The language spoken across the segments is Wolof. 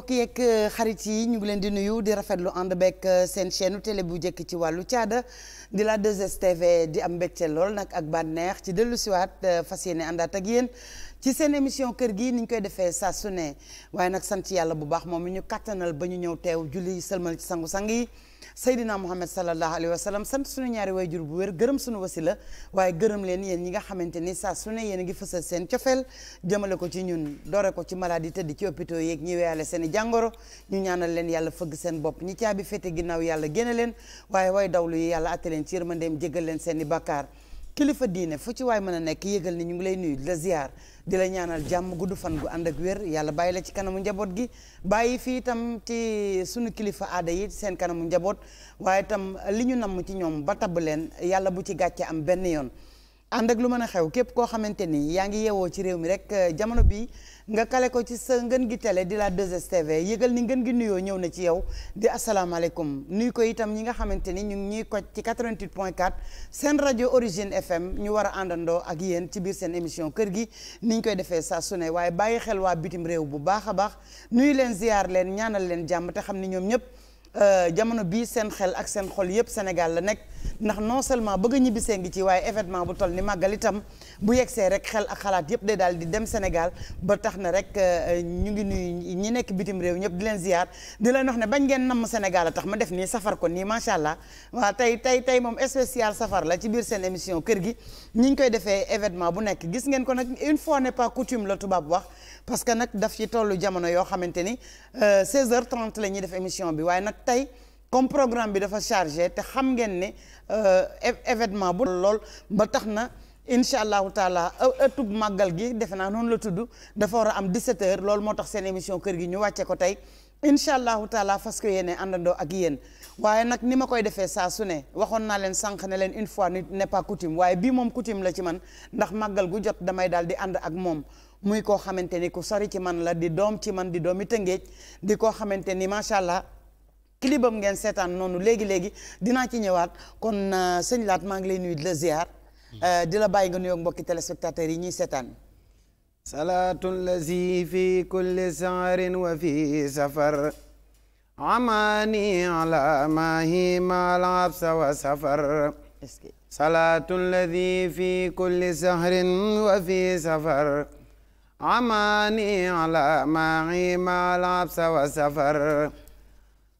mbokk yeeg euh, xarit yi ñu ngi leen di nuyu di rafetlu ànd beeg euh, seen chaîne télé bu njëkk ci wàllu caada di la 2STV di am mbégte lool nag ak bànneex ci dellu siwaat euh, fas yéene àndaat ak yéen ci seen émission kër gi ni ñu koy defee saa su waaye nag sant yàlla bu baax moom mi ñu kattanal ba ñu ñëw teew julli sëlmal ci sangu-sang yi Seydina Muhammad sallallahu alayhi wa sallam sant suñu ñaari waajur bu wér gërëm suñu wasila waaye gërëm leen yéen ñi nga xamante ni saa su ne yéen a ngi fësal seen cofeel jamale ko ci ñun doore ko ci maladie tëdd ci hôpitaux yeeg ñi weyale seen i jàngoro ñu ñaanal leen yàlla fëgg seen bopp ñi caabi féete ginnaaw yàlla génne leen waaye way dawlu yi yàlla atte leen ci yërmandeem jéggal leen seen i kilifa diine fu ci waay mën a nekk yëgal ni ñu ngi lay nuyu di la ziar di la ñaanal jàmm gudd fan gu ànd ak wér yàlla bàyyi la ci kanamu njaboot gi bàyyi fii itam ci sunu kilifa aada yi seen kanamu njaboot waaye itam li ñu namm ci ñoom ba tabb leen yàlla bu ci gàccee am benn yoon ànd ak lu mën a xew képp koo xamante ni yaa ngi yeewoo ci réew mi rek eh, jamono bii nga kale ko ci sa ngën gi télé di la 2STV yëgal ni ngeen gi nuyoo ñëw na ci yow di asalaamaaleykum nuyu ko itam ñi nga xamante ni ñu ngi ñuy ko ci 88 point 4 seen rajo origine FM ñu war a àndandoo ak yéen ci biir seen émission kër gi ni ñu koy defee saa su ne waaye bàyyi xel waa bitim réew bu baax a baax nuyu leen ziar leen ñaanal leen jàmm te xam ni ñoom ñëpp Euh, jamono bii seen xel ak seen xol yëpp Sénégal la nekk ndax non seulement bëgg ñibbisee ngi ci waaye événement bu toll ni màggal itam bu yegsee rek xel ak xalaat yëpp de daal di dem Sénégal ba tax na rek euh, ñu ngi nuy ñi nekk bitim réew ñëpp di leen ziar di leen wax ne bañ ngeen namm Sénégal a tax ma def nii safar ko nii macha allah waa tey tey tey moom spécial safar la ci biir seen émission kër gi ñi ngi koy defee événement bu nekk gis ngeen ko nag une fois n'est pas coutume la tubaab wax. parce que nag daf ci tollu jamono yoo xamante ni 16h30 euh, la ñuy def émission bi waaye nag tey comme programme bi dafa chargé te xam ngeen ne euh, événement bu lool ba tax na incha allahu taala ëttub màggal gi defe naa noonu la tudd dafa war a am 17h loolu moo tax seen émission kër gi ñu wàcce ko tey incha allahu taala parce que yéene àndandoo ak yéen waaye nag ni ma koy defee saa su ne waxoon naa leen sànq ne leen une fois n'est pas coutume waaye bii moom coutume la ci man ndax màggal gu jot damay daal di ànd ak moom muy koo xamante ni ku sori ci man la di doom ci man di doomi Tëngéej di koo xamante ni macha allah kilibam ngeen seetaan noonu léegi léegi dinaa ci ñëwaat kon euh, sëñ Laat maa ngi lay nuyu di la ziar. Mm. Euh, di la bàyyi nga nuyoo mbokki téléspectateurs yi ñuy seetaan. salaatun lazi fi kulli saarin wa fi safar. amaani ala maahi maalaab sawa safar. salaatun wa fi safar. amaani ala ma'i ma labsa wa safar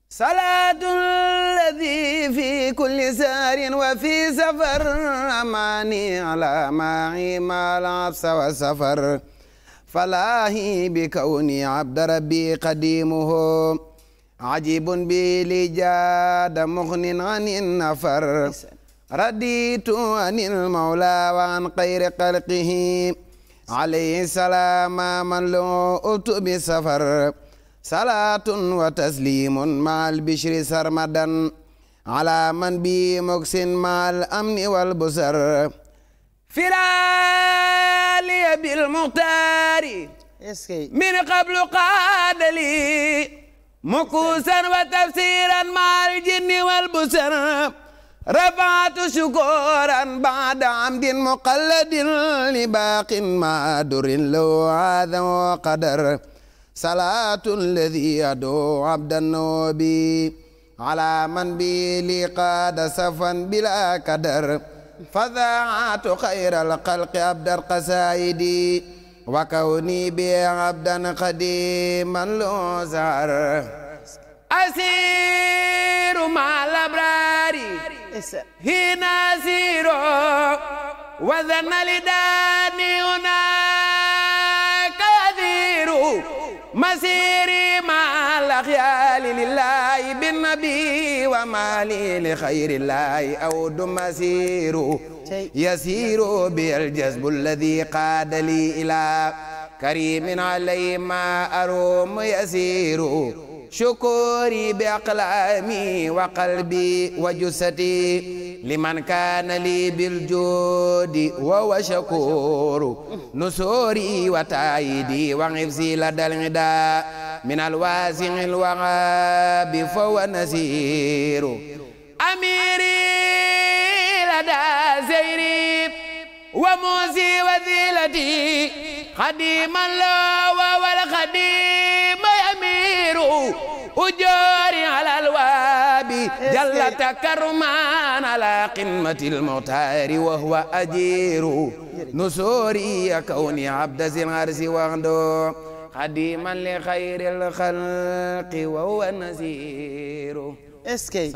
salaatu alladi fi kulli saarin wa fi safar amaani ala ma'i ma labsa wa safar falaahi bi kawni abda rabbi qadimuhu ajibun bi li jaada mughnin anin nafar raditu anil mawla wa an xayri xalqihi alayhi salaama man loo utu bi safar salaatun wa taslimun maal bishri sarmadan ala man bi moksin maal amni wal busar firaaliya bil muxtaari min qablu qaadali mukuusan wa tafsiran maal jinni wal busar rafaatu sukuran baada amdin muqalladin li baaqin ma durin law aada wa qadar salaatu alladi adu abdan bi ala man bi li qaada safan bila kadar fadaatu xayral xalqi abdal qasaayidi wa kawni bi abdan qadiman loo zahar asiiru ma labraari hiina asiiro wazana li daani unaaka yadiiru masiiri ma laxyaali lillaahi binnabi wa maali li xayri laahi awdu masiiru yasiiru bi aljazbu alladi qaada li ilaa karimin alayhi ma arum yasiiru شكوري بأقلامي وقلبي وجسدي لمن كان لي بالجود وهو شكور نسوري وتأييدي وحفظي لدى الغداء من الواسع الوهاب فهو نسير أميري لدى سيري وموسي وذيلتي خديما له وهو الخديم خير أجار على الواب جل تكرمان على قمة المطار وهو أجير نسوري كوني عبد ذي العرس وغدو خديما لخير الخلق وهو نذير اسكي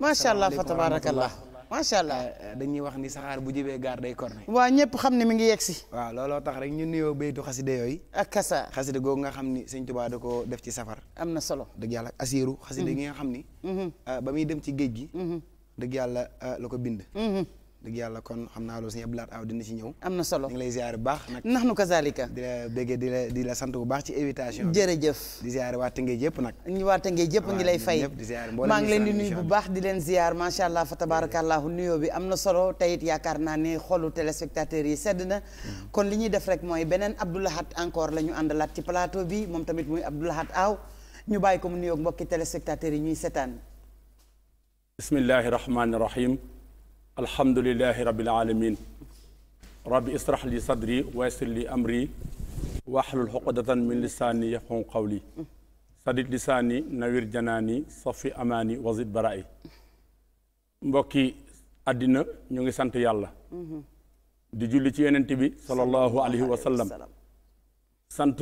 ما شاء الله فتبارك الله macha allah eh, eh, dañuy wax ni saxaar bu jibee gaar day korne waaw ñëpp xam ne mi ngi yegsi waaw looloo tax rek ñu nuyoo béytu xaside yooyu ak kasa xaside googu nga xam ni sëñ Tuubaa da ko def ci safar am na solo dëgg yàlla asiiru xaside mm-hmm. gi nga xam ni mm-hmm. ah, ba muy dem ci géej gi mm-hmm. dëgg yàlla ah, la ko bind dëgg yàlla kon xam naa loolu suñu ablaat aw dina ci ñëw am na solo ñu ngi lay ziare bu baax nax nu kazalika di la sant bu baax ci invitation jërëjëf di ziare waa Tëngéej yëpp nag ngi lay fay maa ngi leen solo tayit yaakaar naa ne xolu téléspectateurs yi sedd na hmm. kon li ñuy def rek mooy beneen Abdoulahat encore la ñu àndalaat ci plateau bi moom tamit muy Abdoulahat aw ñu bàyyi ko mu nuyoog mbokki téléspectateurs yi ñuy setaan bismillahi rahmani rahim alhamdulilahi rabbil alamin rabbi israh li sadri wa yassir li amri wahlul uqdatan min lisaani yafqahu qawli sadid lisaani nawir janaani safi amaani wazid baraay mbokki àddina ñu ngi sant yàlla di julli ci yonent bi sallallahu alayhi wa sant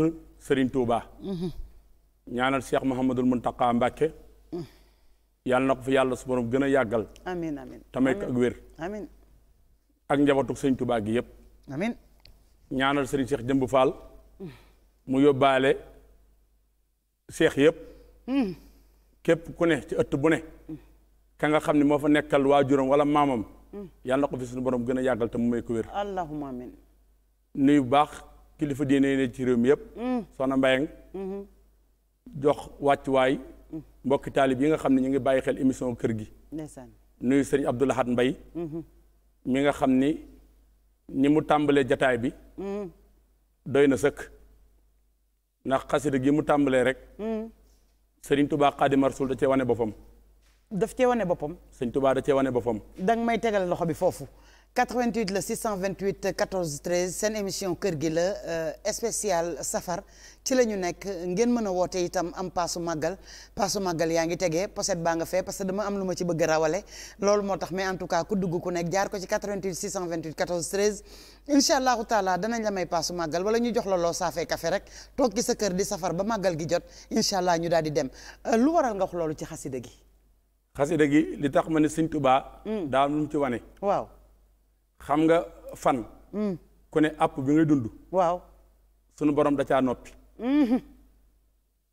Serigne Touba mm-hmm. ñaanal Cheikh Mouhamadul Muntaqa Mbàkke yàlla na yàlla su borom gën a yàggal. amiin amiin te may ko ak wér. amiin ak njabootug sëñ Tuubaa yëpp. Hmm. képp ku ne ci ëtt bu ne. ka nga xam ne moo fa nekkal waajuram wala maamam. Hmm. yàlla na ko fi suñu borom gën a yàggal te mu may ko wér. allahumma baax kilifa diine ne ci réew mi yëpp. Hmm. soxna Mbayang. jox wàccuwaay. mbokki taalib yi nga xam ne ñu ngi bàyyi xel émission kër gi nuyu sëriñ Abdou Lahad Mbaye mm-hmm. mi nga xam ni ni mu tàmbalee jataay bi mm-hmm. doy na sëkk ndax xasida gi mu tàmbalee rek mm-hmm. sëriñ tubaa xaadima rasul da cee wane boppam daf cee wane boppam sëñ tubaa da cee wane boppam danga may tegal loxo bi foofu 88 la 628 14 13 seen émission kër gi la euh, spécial safar ci la ñu nekk ngeen mën a woote itam am paasu màggal paasu màggal yaa ngi tegee poset baa nga fee parce que dama am lu ma ci bëgg rawale loolu moo tax mais en tout cas ku dugg ku nekk jaar ko ci 88 628 14 13 incha allahu taala danañ la may paasu màggal wala ñu jox la loo saafee café rek toog ci sa kër di safar ba màggal gi jot incha allah ñu daal di dem euh, lu waral nga wax loolu ci xasida gi xasida gi li tax ma ne Sëñ Tuubaa mm. daa lu mu ci wane waaw xam nga fan. Mm. ku ne app bi ngay dund. waaw sunu borom da caa noppi. Mm-hmm.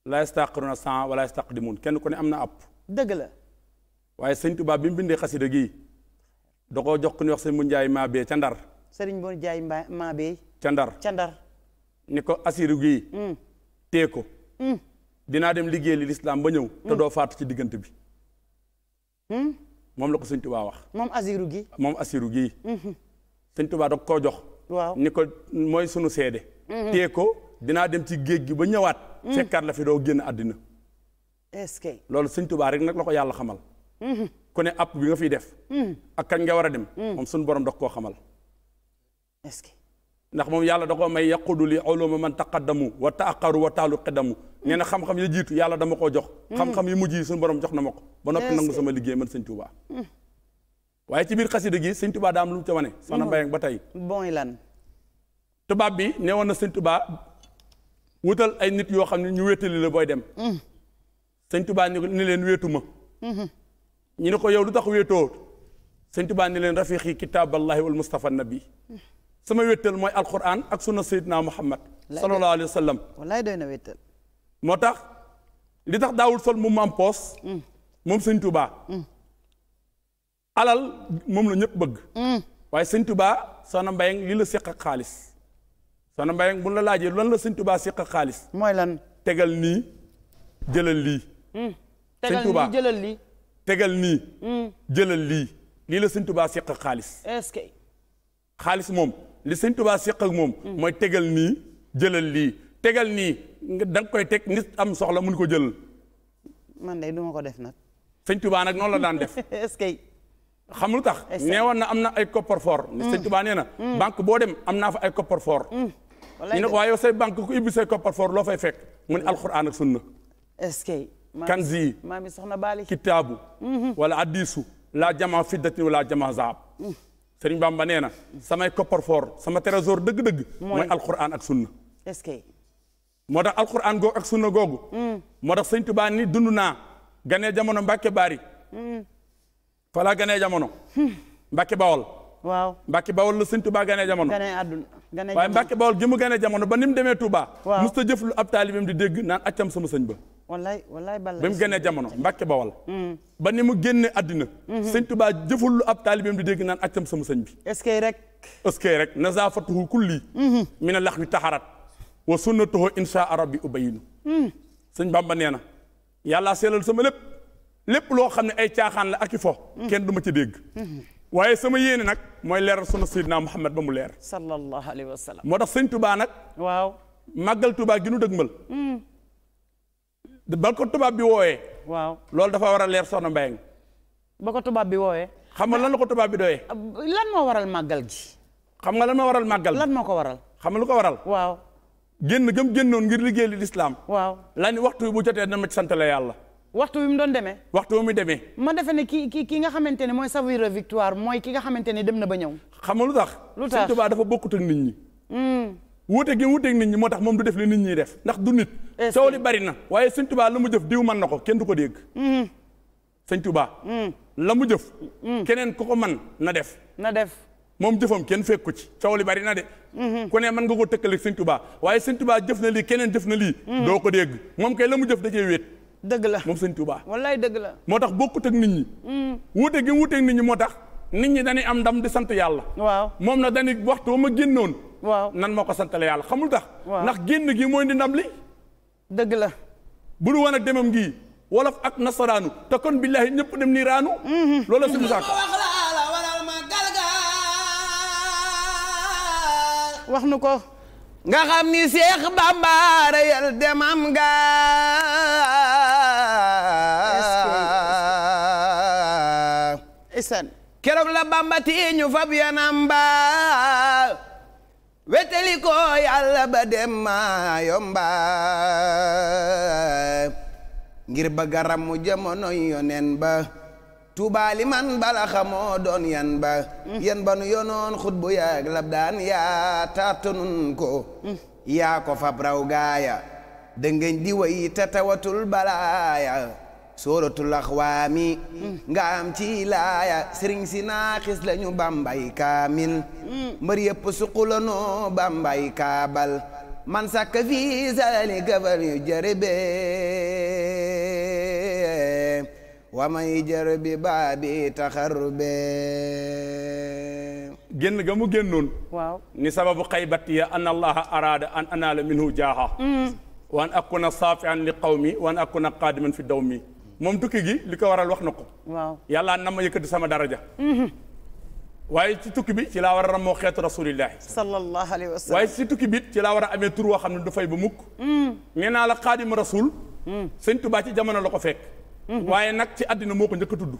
la yastaqiruna saa wala yastaqdimun kenn ku ne am na app. dëgg la. waaye sëñ tubaab bi mu bindee xasida gii da koo jox ku ñuy wax sëñ bu Njaay Maabee ca Ndar. sëriñ bu Njaay Maabee. ca Ndar ca Ndar. ni ko asiru gi mm. tee ko. Mm. dinaa dem liggéey li lislaam ba ñëw. te doo faatu ci diggante bi. moom la ko sëñ Tuubaa wax. moom Assirou gi moom Assirou gi mhm. sëñ Tuubaa da koo jox. ni ko mooy sunu seede. Mhm. tee ko dinaa dem ci géej gi ba ñëwaat. Mhm. fekkaat la fi doo génn àddina. est-ce que. loolu sëñ Tuubaa rek nag la ko yàlla xamal. ku ne app bi nga fiy def. ak kañ nga war a dem. moom sunu borom da koo xamal. ndax moom yàlla da ko may yaqudu li uluma man taqaddamu wa taaqaru wa taalu qiddamu nee na xam-xam ya jiitu yàlla dama koo jox mm. xam-xam yi mujj yi suñu borom jox na ma ko ba noppi nangu sama liggéey man sëñ Tuubaa mm. waaye ci biir xasida gi sëñ Tuubaa daa am lu mu ca wane mm. soxna Mbayang ba tey bon lan tubaab bi nee woon na sëñ Tuubaa wutal ay nit yoo xam ne ñu wéetali la booy dem sëñ Tuubaa ni ni leen wéetu mm-hmm. ñu ne ko yow lu tax wéetoo sëñ Tuubaa ni leen rafiqi kitaaballahi wal mustafa sama wéttal mooy alquran ak suna sayyidina muhammad sallallahu alayhi wa sallam wallaay na wéttal moo tax li tax daawul sol mu am poos mm. moom sëñ Touba. Mm. alal moom la ñëpp bëgg mm. waaye sëñ Touba soxna Mbayang li la séq ak xaalis soxna Mbayang bu la laajee la sëñ Touba séq ak xaalis mooy lan tegal nii jëlal lii sëñ Touba jëlal tegal nii jëlal lii lii la sëñ Touba séq ak xaalis est-ce xaalis moom li sëñ Tuubaa séq ak moom mooy tegal nii jëlal lii tegal nii da nga koy teg ni am soxla mun ko jëlal man de du ma ko def nag sëñ Tuubaa nag noonu la daan def est-ce que xam lu tax neewoon na am na ay coffre-fort ni mm. sëñ Tuubaa nee na mm. banque boo dem am naa fa ay coffre-fort mm. ñu ne ko waaye yow say banque ku ibbi say coffre-fort loo fay fekk mu ne alxuraan ak sunna est-ce que kanzi maami soxna baali kitaabu mm-hmm. wala addiisu laa jamaa fiddatin la jamaa zahab sëriñ Bamba nee na samay coffre-fort sama trésor dëgg-dëgg. mooy alquran ak sunna. est-ce moo tax alquran googu ak sunna googu. Hmm. moo tax sëñ Tuubaa ni dund naa. ganee jamono Mbàkke Baari. Hmm. falaa ganee jamono. Hmm. Mbàkke Bawol. waaw Mbàkke Bawol la sëñ Tuubaa ganee jamono. ganee àdduna ganee jamono waaye Mbàkke Bawol gi mu ganee jamono ba ni demee Tuubaa. waaw musta jëf lu ab taalibeem di dégg naan accam sama sëñ ba. wallaay wallaay balaa. ba mu ganee jamono Mbàkke Bawol. ba ni mu génne àddina sëñ tubaa jëful lu ab taalibeem di dégg naan accam sama sëñ bi est-ce rek est-ce que rek nazaafatuhu kulli mhm. mi na lax wi taxarat wa sunnatuhu insha rabbi ubayinu mhm. sëñ Bamba nee na yàllaa seelal sama lépp lépp loo xam ne ay caaxaan la ak i fo mhm. kenn du ma ci dégg waaye sama yéene nag mooy leeral sunu sayyidina Muhammad ba mu leer sallallahu alayhi wa moo tax sëñ Tuubaa nag waaw màggal Tuubaa gi nu dëgmal bal ko tubaab bi wooyee waaw loolu dafa war a leer soxna Mbayang ba ko tubaab bi woowee xam nga la la ko tubaab bi doyee lan moo waral màggal gi xam nga lan moo waral màggal lan moo ko waral xam nga lu ko waral waaw génn gëm génnoon ngir liggéey li lislaam waaw lan ni waxtu bu jotee na ma ci sant la waxtu wi mu doon demee waxtu wi mu demee ma defe ne kii kii ki nga xamante ne mooy savourer victoire mooy ki nga xamante ne dem na ba ñëw xam nga lu tax lu dafa bokkut ak nit wuute gi wuuteeg nit ñi moo tax moom du def li nit ñi def ndax du nit coow li bari na waaye sëñ Tuubaa la mu jëf diw man na ko kenn du ko dégg mm-hmm. sëñ tubaa mm-hmm. la mu jëf mm-hmm. keneen ku ko man na def na def moom jëfam kenn fekku ci sawli bari na de ko ne mën nga koo tëkkale sëñ tubaa waaye sëñ Tuubaa jëf na lii keneen jëf na lii doo ko dégg moom kay la mu jëf da cee wéet dëgg la moom sëñ Tuubaa wallaay dëgg la moo tax bokkut ak nit ñi wuute gi wuuteeg nit ñi moo tax nit ñi dañuy am ndam di sant yàlla waaw moom na dañuy waxtu ma génnoon waaw nan moo ko santale yàlla xamul tax. ndax génn gi mooy ndi ndam li. dëgg la. bu du demam gii wolof ak nasaraanu te kon billaahi ñëpp dem nii raanu. Mhm. loolu la si musaak. wax nu ko. nga xam ni Seex Bamba reyal demam ga isan keroog la Bamba ti fab yanam ba weteli ko yàlla ba dem ma yomba ngir ba garamu mu jamono yonen ba tuubaali man bala xamoo doon yan ba yan ba nu yonoon xut bu yaag lab daan yaa taatanun ko yaa ko fab raw gaaya dëngëñ di wayi tatawatul balaaya sooratul axwaami nga am ci laaya sëriñ si naaxis la ñu bambay kaamil mbër yëpp suqulanoo bambay kaabal man sàkk fii salani kafal yu jërëbe wa may jërëbi baabi taxarube génn ga mu génnoon waaw ni sababu xaybati ya an allaha araada an anaala minhu jaaha mm. wa an akuna saafian li qawmi wa an akuna qaadiman fi dawmi moom tukki gi li ko waral wax na ko. waaw yàlla na ma yëkkati sama daraja. Mhm. waaye ci tukki bi ci la war a ramoo xeetu rasulillahi. sallallahu alayhi wa sallam waaye ci tukki bi ci laa war amee tur woo xam ne du fay ba mukk. Mhm. nee naa la xaadimu rasul. Mhm. sëñ Tuubaa ci jamono la ko fekk. waaye nag ci addina moo ko njëkk a tudd.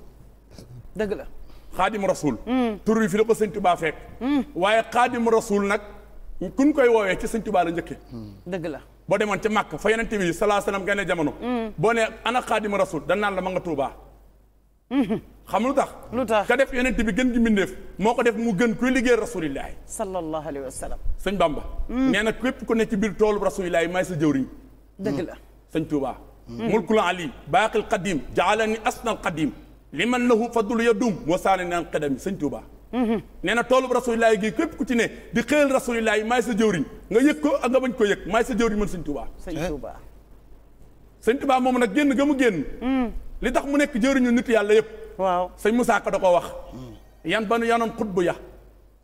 dëgg la. xaadimu rasul. tur bi fi la ko sëñ fekk. waaye xaadimu rasul nag. kuñ koy woowee ci sëñ Tuubaa la la boo demoon ca Màkk fa yonente bi salaa salaam gane jamono mm. boo ne ana xaadima rasul naan la ma nga Tuubaa mm-hmm. xam lu tax lu tax ka def yonente bi gën gi mbindeef moo ko def mu gën kuy liggéey rasulillahi sallallahu alayhi wa sallam sëñ Bamba mm. nee na képp ku ne ci biir toolu rasulillahi maay sa jëwriñ dëgg mm. la sëñ Tuubaa mulkul ali baaqil qadim jaalani asnal qadim liman lahu fadlu yadum moo saane naan qadami sëñ Tuubaa nee na toolub rasulillahi gi képp ku ci ne di xëyal rasulillahi maay sa jëwriñ nga yëg ko ak nga bañ ko yëg maay sa jëwriñ man sëñ tubaa sëñ tubaa moom nag génn ga mu génn mm. li tax mu nekk jëwriñu nit yàlla yëpp waaw sëñ Moussa Ka da ko wax mm. yan ba nu yanoon xutbu ya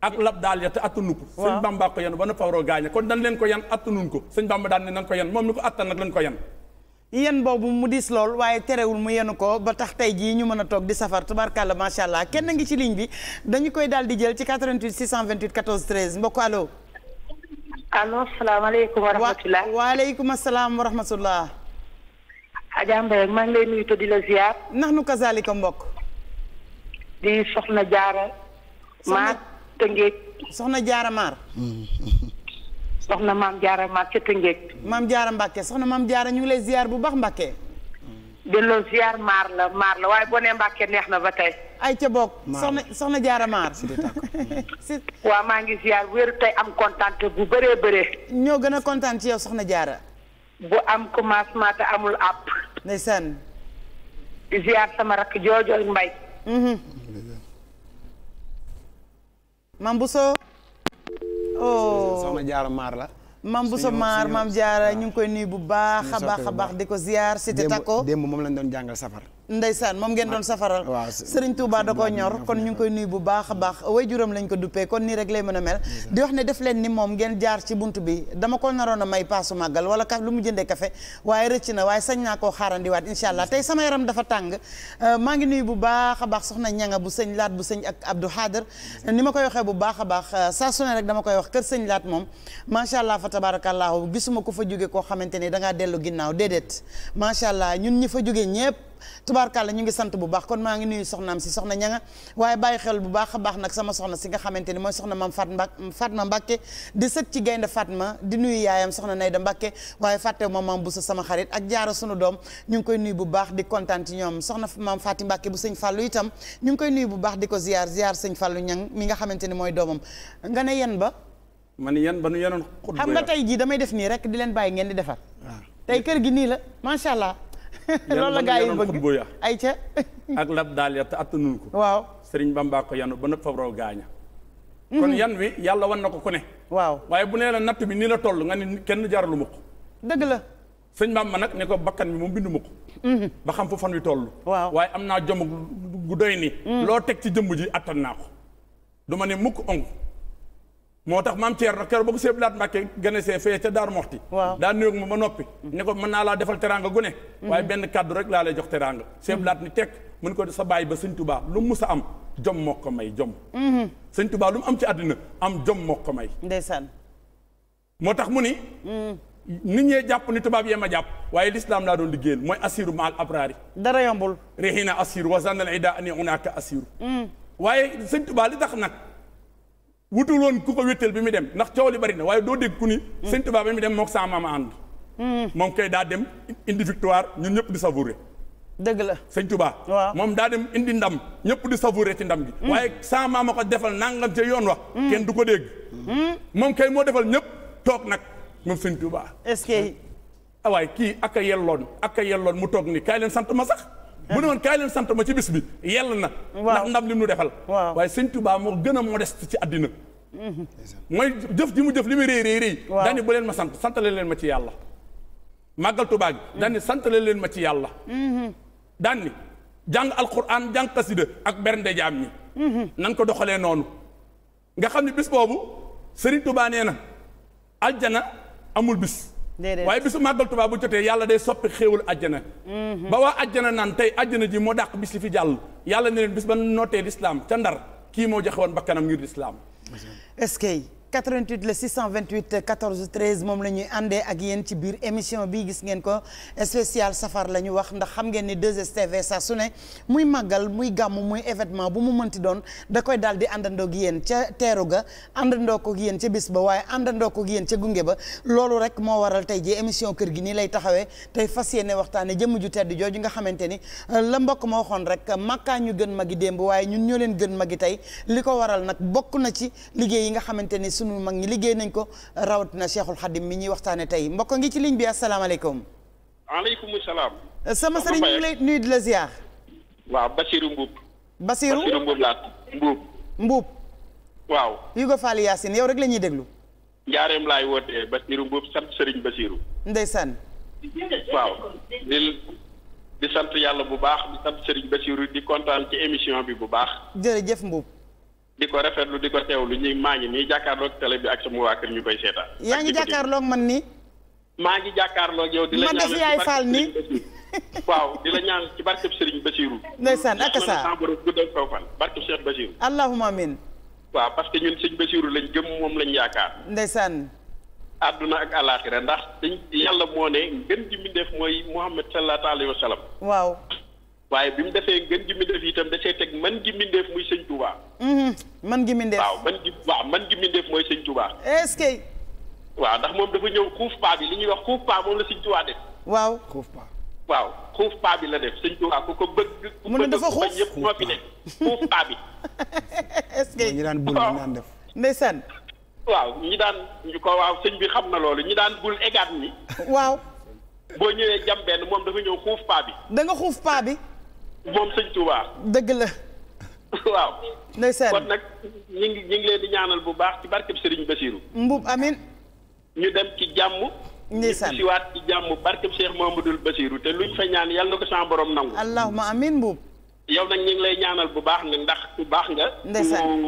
ak lab daal ya te attanu ko sëñ bamba ko yan ba nu fawroo gaañe kon dañ leen ko yan attanun ko sëñ bamba daal ne nan ko yan moom ni ko attan nag lañ ko yan yéen boobu mu diis lool waaye terewul mu yenu ko ba tax tey jii ñu mën a toog di safar tubarkàlla macha allah kenn ngi ci ligne bi dañu koy daal di jël ci 88 628 14 13 mbokk allo. allo salaamaaleykum wa rahmatulah. waaleykum salaam wa rahmatulah. Adja Mbaye maa ngi lay nuyu te di la ziar. ndax nu kazaalika mbokk. di soxna jaara maar Tëngéej. soxna jaara maar. soxna maam Diarra Mbacke Tëngéej. maam Diarra Mbacke soxna maam Diarra ñu ngi lay ziar bu baax Mbacke. delloo ziar maar la maar la waaye boo nee Mbacke neex na ba tey. ay ca bokk soxna soxna Diarra maar. waa maa ngi ziar wér tey am kontaan bu bëree bëree. ñoo gën a kontaan ci yow soxna Diarra. bu am commencement te amul app. ndeysaan. di ziar sama rakk joojo mbay. maam mhm. Bousso. oh soxna jaara maar la. mam bu sa maar mam jaara ñu ngi koy nuyu bu baax a baax a baax di ko ziar. cité tako démb moom lañ doon jàngal safar. ndeysaan moom ngeen doon safaral ah, Serigne Touba da koo ñor kon ñu ngi koy nuyu bu baax a baax way juróom lañ ko duppee kon nii rek lay mën a mel di wax ne def leen ni moom ngeen jaar ci bunt bi dama ko naroon a may paasu màggal wala ka lu mu jëndee café waaye rëcc na waaye sañ naa koo xaarandiwaat incha allah tey sama yaram dafa tàng euh, maa ngi nuyu bu baax a baax soxna ñanga bu sëñ laat bu sëñ ak Abdou Xaadir ni ma koy waxee bu baax a baax euh, saa su rek dama koy wax kër sëñ laat moom macha allah fa tabarakallahu gisuma ko fa jóge koo xamante ne dangaa dellu ginnaaw déedéet macha allah ñun ñi fa jóge ñépp tubaarkàlla ñu ngi sant bu baax kon maa ngi nuyu soxnaam si soxna ñanga waaye bàyyi xel bu baax a baax nag sama soxna si nga xamante ni mooy soxna maam Fatma Fatma Mbacke di sët ci gaynde Fatma di nuyu yaayam soxna Nayda Mbacke waaye fàttewu ma maam Boussa sama xarit ak jaara sunu doom ñu ngi koy nuyu bu baax di kontaan ci ñoom soxna maam Fati Mbacke bu sëñ Fallou itam ñu ngi koy nuyu bu baax di ko ziar ziar sëñ Fallou ñang mi nga xamante ni mooy doomam nga ne yen ba man yan ba nu yenoon xam nga tey jii damay def nii rek di leen bàyyi ngeen di defar ah. tey kër gi nii la macha allah loolu la gaa yi bëgg ay ca ak lab daal ya te ko waaw sëriñ Bamba ko yanu ba nëpp fa raw gaaña mhm. kon yan wi yàlla wan na ko ku ne waaw waaye bu nee la natt bi nii la toll nga ni kenn jaralu ma ko dëgg la sëñ ma nag ne ko bakkan bi moom bindu ma ko mhm. ba xam fu fan wi toll waaw waaye am naa jom gu doy ni mhm. loo teg ci jëmb ji attan naa ko du ma ne mukk onk moo tax maam Thierno keroog ba ko Sëñ Laat Mbàkke gane see fee ca Daaru Moxti daa nuyoog ma ba noppi ne ko mën naa laa defal teraanga gu ne mhm. waaye benn kàddu rek laa lay jox teraanga Sëñ mhm. Laat ni tekk mun ko sa bàyyi ba sëñ Tuubaa lu mu mus am jom moo ko may jom mhm. sëñ Tuubaa lu am ci àddina am jom moo ko may ndeysaan moo tax mu ni nit ñee jàpp ni tubaab yee ma jàpp waaye lislaam laa doon liggéeyal mooy assiru ma al abraari dara yombul rihina assiru wa zanna al ida ani unaka assiru waaye sëñ Tuubaa li tax nag wutul woon ku ko wéttal bi muy dem ndax coow li bari na waaye doo dégg ku ni. sëñ Tuubaa bi mu dem mook sama maama ànd. moom kay daa dem indi victoire ñun ñëpp di savourer. dëgg la sëñ Tuubaa. waaw moom daa dem indi ndam ñëpp di savourer ci ndam gi. Mm. waaye sama maama ko defal nangam ca yoon wax. Mm. kenn du ko dégg. Mm. moom kay moo defal ñëpp toog nag moom sëñ Tuubaa. est-ce ah, waaye kii ak a yelloon ak a yelloon mu toog ni kaay leen sant ma sax. bu ne woon kaay leen sant ma ci bis bi yell na ndax ndam li mu defal waaye sëñ Tuubaa moo gën a modeste ci àddina mm-hmm. mooy jëf ji mu jëf li muy rëy rëy rëy daani bu leen ma sant santale leen ma ci yàlla màggal Tuubaa gi daani leen ma ci yàlla mm-hmm. daani jàng alquran jàng xasida ak bernde jaam ñi mm-hmm. nang ko doxalee noonu nga xam ne bis boobu sëriñ Tuubaa nee na aljana amul bis waaye bisu màggal Tuubaa bu jotee yàlla day soppi xéewal àjjana mhm. ba waa àjjana naan tey àjjana ji moo dàq bis yi fi jàll yàlla ne leen bis ba nootee lislaam ca ndar kii moo joxe woon bakkanam ngir lislaam est-ce que 88 le 628 14 13 moom la ñuy àndee ak yéen ci biir émission bi gis ngeen ko spécial safar la ñu wax ndax xam ngeen ni 2STV saa su ne muy màggal muy gàmm muy événement bu mu mënti doon da koy daal di àndandoo yéen ca teeru ga àndandoo yéen ca bis ba waaye àndandoo yéen ca gunge ba loolu rek moo waral tey ji émission kër gi nii lay taxawee tey fas yéene waxtaane jëmm ju tedd jooju nga xamante ni euh, la mbokk ma waxoon rek màkkaa ñu gën mag magi démb waaye ñun ñoo leen gën mag magi tey li ko waral nag bokk na ci liggéey yi nga xamante ni sunu mag ñi liggéey nañ ko rawatina Cheikhul Khadim mi ñuy waxtaane tey mbokk ngi ci ligne bi asalaamaaleykum. aleykum salaam. Euh, sama sëriñ ñu ngi lay nuyu di la ziar. waaw Basiru Mbuub. Basiru Basiru Mbuub laa Mbuub. waaw. Yugo Fall yow rek la ñuy déglu. njaareem laay wootee Basiru Mbuub sant sëriñ Basiru. ndeysaan. waaw di di sant yàlla bu baax di sant sëriñ Basiru di kontaan ci émission bi bu baax. jëf Mbuub. di ko rafetlu di ko teew lu ñuy maa ngi nii jàkkaarloog télé bi ak sama waa kër ñu koy seetaan. yaa ngi jàkkaarloog man nii. maa ngi jàkkaarloog yow. di la ñaanal ci yaay faal nii. waaw di la ñaan ci barkeb Serigne Bassirou. ndeysaan ak saa sama borom guddal faw fan barkeb Cheikh Bassirou. allahumma amin. waaw parce ñun sëñ Bassirou lañ gëm moom lañ yaakaar. ndeysaan. àdduna ak alaaxira ndax dañ yàlla moo ne ngën ji mbindeef mooy Muhammad sallallahu alayhi wa sallam. waaw. waaye bi mu defee ngën gi mindeef itam da see teg man gi mindeef muy sëñ Touba. Mhm. man gi mindeef waaw man gi waaw man mooy sëñ Touba. est-ce waaw ndax moom dafa ñëw xuuf paa bi li ñuy wax xuuf paa la sëñ Touba def. waaw xuuf paa. waaw xuuf bi la def sëñ Touba ku ko bëgg. mu ne dafa xuuf ñëpp moo fi nekk xuuf paa bi. est-ce ñu daan bul ñu daan def. Oh, ndeysaan. waaw ñu daan ñu waaw sëñ bi xam na loolu ñu daan bul egaat ni waaw. boo ñëwee jam benn moom dafa ñëw xuuf paa bi. danga nga xuuf paa bi. moom sëñ Touba. dëgg la. waaw. ndeysaan kon nag ñu ngi ñu ngi leen di ñaanal bu baax ci barkeb Serigne Bassirou. mbub amin ñu dem ci jàmm. ndeysaan ñu siwaat ci jàmm barkeb bu dul Bassirou te luñ fa ñaan yàlla na ko sa borom nangu. allahumma amin mbub. yow nag ñu ngi lay ñaanal bu baax nag ndax bu baax nga. ndeysaan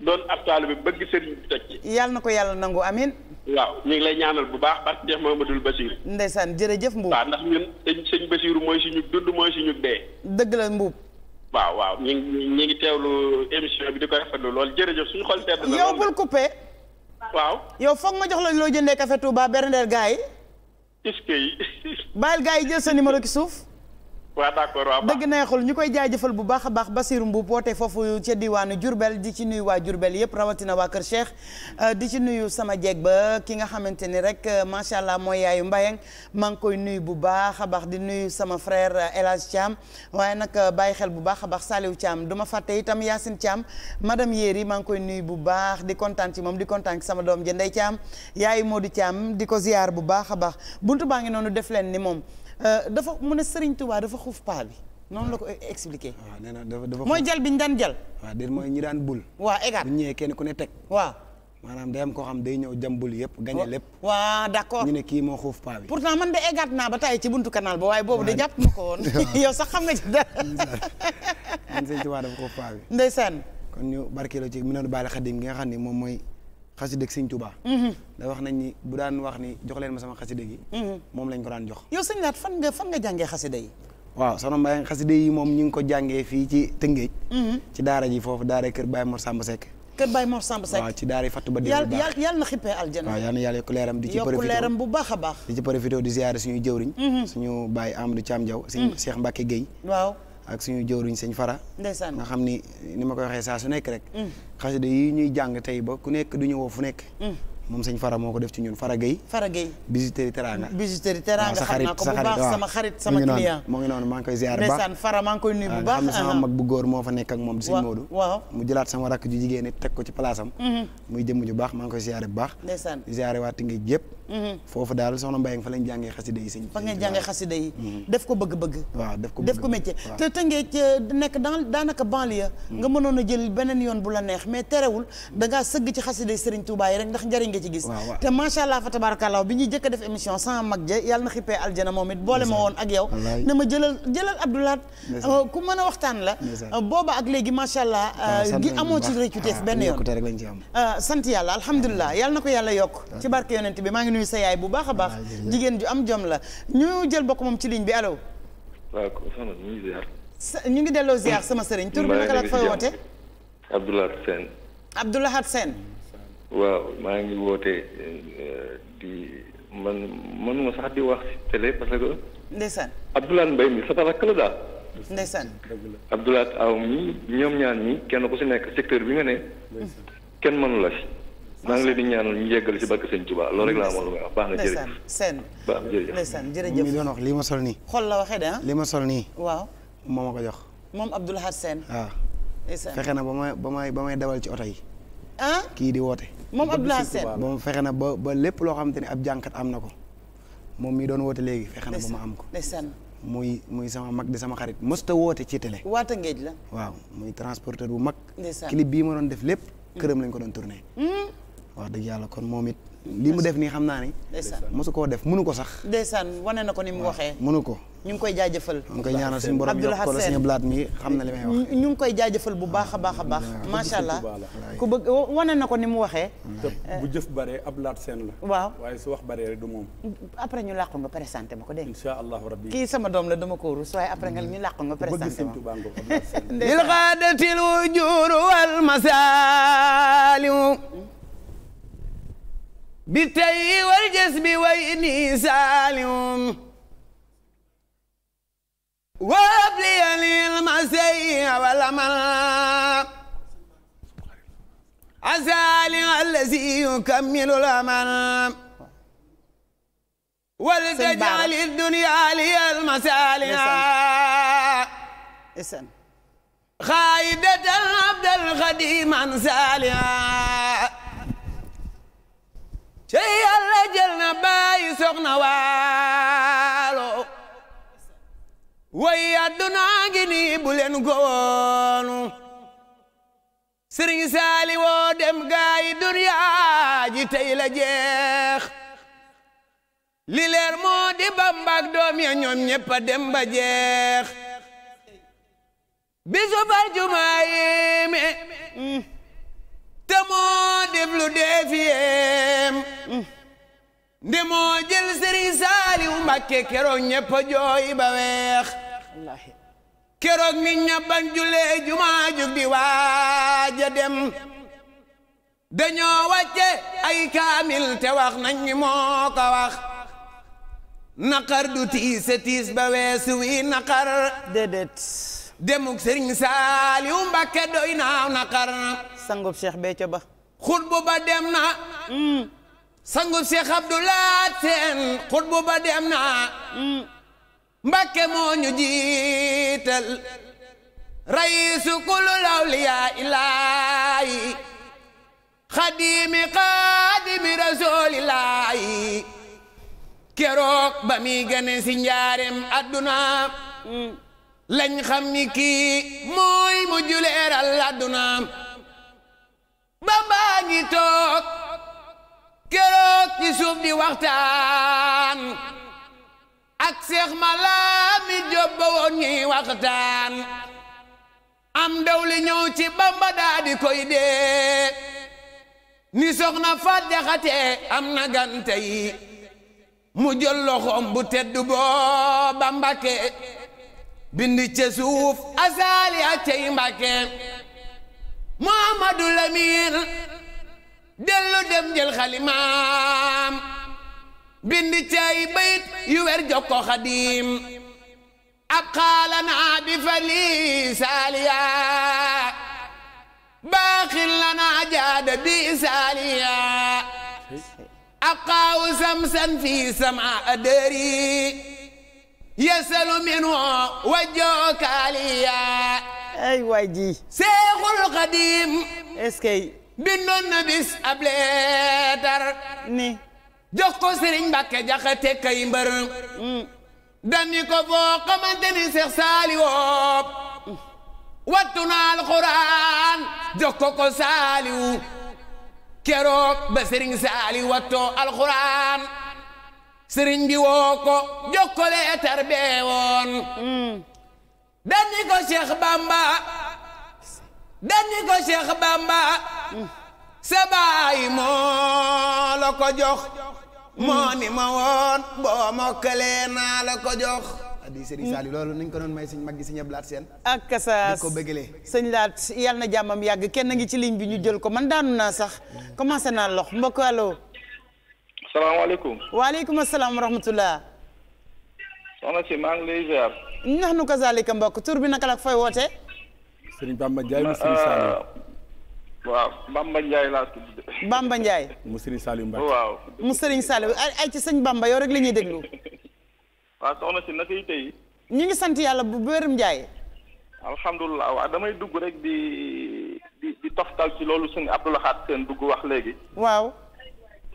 doon ab bi bëgg sëriñ bi toj ci yàlla na ko yàlla nangu amin waaw ñu ngi lay ñaanal bu baax barke Cheikh Mamadou Bachir ndeysaan jërëjëf mbuub waaw ndax ñun sëñ Bachir mooy suñu dund mooy suñu dee dëgg la mbuub waaw waaw ñu ngi ñu ngi teewlu émission bi di ko rafetlu lool jërëjëf suñu xol sedd na yow bul coupé waaw yow foog ma jox la loo jëndee café Touba berndeel gaa yi est-ce que yi bàyyil gaa yi jël sa numéro ki suuf waaw d'accord waaw dëgg neexul ñu koy jaajëfal bu baax a baax Basirou Mbu woote foofu ca diwaanu Diourbel di ci nuyu waa Diourbel yëpp rawatina waa Kër Cheikh euh, di ci nuyu sama jeeg ba ki nga xamante ni rek euh, macha allah mooy yaayu Mbayang maa ngi koy nuyu bu baax a baax di nuyu sama frair euh, El Hadj waaye nag bàyyi xel bu baax a baax Saliou Thiam du ma fàtte itam Yacine Thiam madame Yéri maa ngi koy nuyu bu baax di kontaan ci moom di kontaan ci sama doom ja Ndeye Thiam yaayu Modou Thiam di ko ziar bu baax a baax buntu baa ngi noonu def leen ni moom. Euh, dafa mu ne Sëriñ Tuubaa dafa xuuf paa bi noonu la ko expliqué. waaw ah, nee na dafa dafa mooy jal bi ñu daan jal. waaw ah, de mooy ñi daan bul. waaw égaat bu ñëwee ku ne teg. waaw maanaam day koo xam day ñëw jambul yëpp gañe lépp. waaw d' accord ñu ne kii moo xuuf paa bi. pourtant man de égaat naa ba tay ci buntu canal ba waaye boobu de jàpp ma ko woon. yow sax xam nga ci dara. man Sëriñ Tuubaa dafa xuuf paa bi. ndeysaan. kon ñu barkeeloo ci mi noonu Baal Xadim gi nga xam ni moom mooy xasideg sëñ Touba. Mhm. da wax nañ ni bu daan wax ni jox leen ma sama xaside gi mhm. moom lañ ko daan jox yow sëñ laat fan nga fan nga jàngee xaside yi waaw soxna Mbaye xaside yi moom ñu ngi ko jàngee fii ci Tëngéej mhm. ci daara ji foofu daara kër Baye Mor Samb Seck kër Baye Mor Samb Seck waaw ci daara yi fattu ba yàlla yàlla na xippee aljana yokk leeram di ci profité bu baax a baax di ci profité di ziyaare suñu jëwriñ suñu Baye Amadou Thiam Diaw suñu Cheikh Mbacke ak suñu jëwriñ sëñ Fara. ndeysaan nga xam ni ni ma koy waxee saa su nekk rek. Mm. xasida yi ñuy jàng tey ba ku nekk du ñu fu nekk. Mm. moom sëñ Fara moo ko def ci ñun Fara Gueye. Fara Gueye visiteurs yi teraanga. visiteurs yi teraanga xam naa ko bu baax xarit sama ngi noonu maa ngi koy ziar bu baax ndeysaan maa ngi koy nuyu bu baax. xam ne ah. moo fa nekk ak moom di sëñ Modou. waaw mu jëlaat sama rakk ju jigéen it teg ko ci palaasam. Mm-hmm. muy jëmm ju baax maa ngi koy ziare bu baax. ndeysaan ziare waa Mhm. foofu daal soxna Mbayang fa lañ jàngee xasida yi sëñ fa ngeen jàngee mhm. def ko bëgg-bëgg def ko def te Tëngéej nekk dans daanaka banlieue mhm. nga mënoon jël beneen yoon bu la neex mais terewul da ngaa sëgg ci xasida yi Sëriñ Tuubaa yi rek ndax njëriñ nga ci gis te macha allah fa tabarakallah bi ñuy jëkk def émission euh, a waxtaan euh, ah, euh, gi amoo ci réccuteef benn ah, yoon sant yàlla alhamdulilah yàlla na ko yàlla yokk ci barke yonent bi maa ngi nuyu sa yaay bu baax a baax. Ah, jigéen ju am jom la ñu jël bokk moom ci ligne bi allo. waaw soxna ñu ngi ziar. ñu ngi delloo ziar sama sëriñ. tur bi naka la fa woote. Abdoulahat Sène. Abdoulahat Sène. waaw maa ngi woote euh, man mënuma sax di wax ci télé parce que. ndeysaan. Abdoulahat mbay mi sa rakk la daal. ndeysaan. Abdoulahat aw mi ñoom ñaan mi kenn ku si nekk secteur bi nga ne. kenn mënu la si. maa ngi leen di ñaanal ñu yeggal ci seen baax jërëjëf ndeysaan doon wax lii ma sol nii xol la waxee de ah? lii ma sol nii waaw moo ma ko jox moom Abdoul Ahad seen ah. waaw fexe na ba may ba may ba dawal ci oto yi ah kii di woote moom Abdoul Ahad Sène ba mu fexe na ba ba lépp loo xamante ni ab jànqat am na ko moom mi doon woote léegi fexe na ba ma am ko ndeysaan muy muy sama mag di sama xarit mosta woote ci télé waata ngeej la waaw muy transporteur bu mag clip bii ma doon def lépp mm. këram lañ ko doon tourné mm. wax dëgg yàlla kon moom it li mu def nii xam naa ni mosu koo def mënu ko sax ndeysaan wane na ko ni mu waxee mënu ko ñu ngi koy jaajëfal ñu ngi ko la suñu blaat mi xam na li may wax ñu ngi koy jaajëfal bu baax a baax a baax macha allah ku bëgg wane wujur wal masaaliw bi tey wal jës bi way nii saalim wab li yalil ma sey wala man asaali allazi yukammilu la man wal tajali dunya li al masaali xaayidatan abdal xadiman saaliha ci yàlla jël na bàyyi soxna waalo way àdduna ngi nii bu leen gowoonu woo dem gaayi duniya tey la jeex li leer moo di bambak doom ya ñoom ñépp a jeex bisu bal jumaa yi te moo déglu deefiyem mm. nde moo jël sëriñ Saaliw Mbàkke keroog ñëpp a jooy ba weex keroog mi ñaban julee jumaa jug di waaja dem dañoo wàcce ay kaamil te wax nañ moo ko wax naqar du tiise tiis ba weesu wi naqar déedéet demuk sëriñ Saaliw Mbàkke doy naaw naqar sangub Cheikh Béthio ba xutbu ba dem na mm. sangub Cheikh Abdoulaat Seen xutbu ba dem na mm. Mbàkke moo ñu jiital rayisu kulu lawliyaa ilaahi xadiimi xaadimi rasuulillaahi keroog ba mi gane si adduna mm. lañ xam ni kii mooy mu juleeral addunaam ba ngi toog keroog ci suuf di waxtaan ak seex malaa mi jobba woon ñuy waxtaan am daw li ci bamba daa di koy dee ni soxna faat jaxate am na gante mu jël loxoom bu tedd boo bambake bind ca suuf asaali a cey mbàkke muhammadu lamin dellu dem jël xalimaam bind cay bayit yu wer jokko xadim ab xaalanaa bi fali saaliya baaxil lanaa jaada bi saaliya ab xaawu samsan fi sama adëri يسأل منه وجهك عليا ay waay ji Seexul Xadiim est-ce que ni jox ko Sëriñ Mbàkke Jaxate kay mbër mm. dani ko foo xamante ni Seex Saaliw wattu naa alxuraan Saaliw keroog ba Sëriñ Saaliw wattoo alxuraan sëriñ bi woo ko jokkolee tarbee woon mm. danni ko Cheikh Bamba danni ko Cheikh Bamba mm. sa baay moo la ko jox moo ni ma woon boo mokkalee la ko jox di Serigne Saliou loolu nañ ko doon may suñ mag gi suñu blaat seen ak kasaas ko bëggalee sëñ laat yàlla na jàmmam yàgg kenn ngi ci ligne bi ñu jël ko man daanu naa sax mm. commencé naa lox mbokk salaamaaleykum. waaleykum salaam wa soxna si maa ngi lay ziar. ndax nu kazalika mbokk tur bi naka la fooy wootee. sëriñ Bamba Ndiaye mu sëriñ euh, Saliou. waaw Bamba Ndiaye laa tudd. Bamba mu sëriñ Saliou waaw mu sëriñ Saliou ay ci sëñ Bamba yow rek la ñuy déglu. waaw soxna si naka yi tey. ñu ngi sant yàlla bu wérum Ndiaye. alhamdulilah waaw damay dugg rek di di di ci loolu suñu Abdoulaye seen dugg wax léegi. waaw.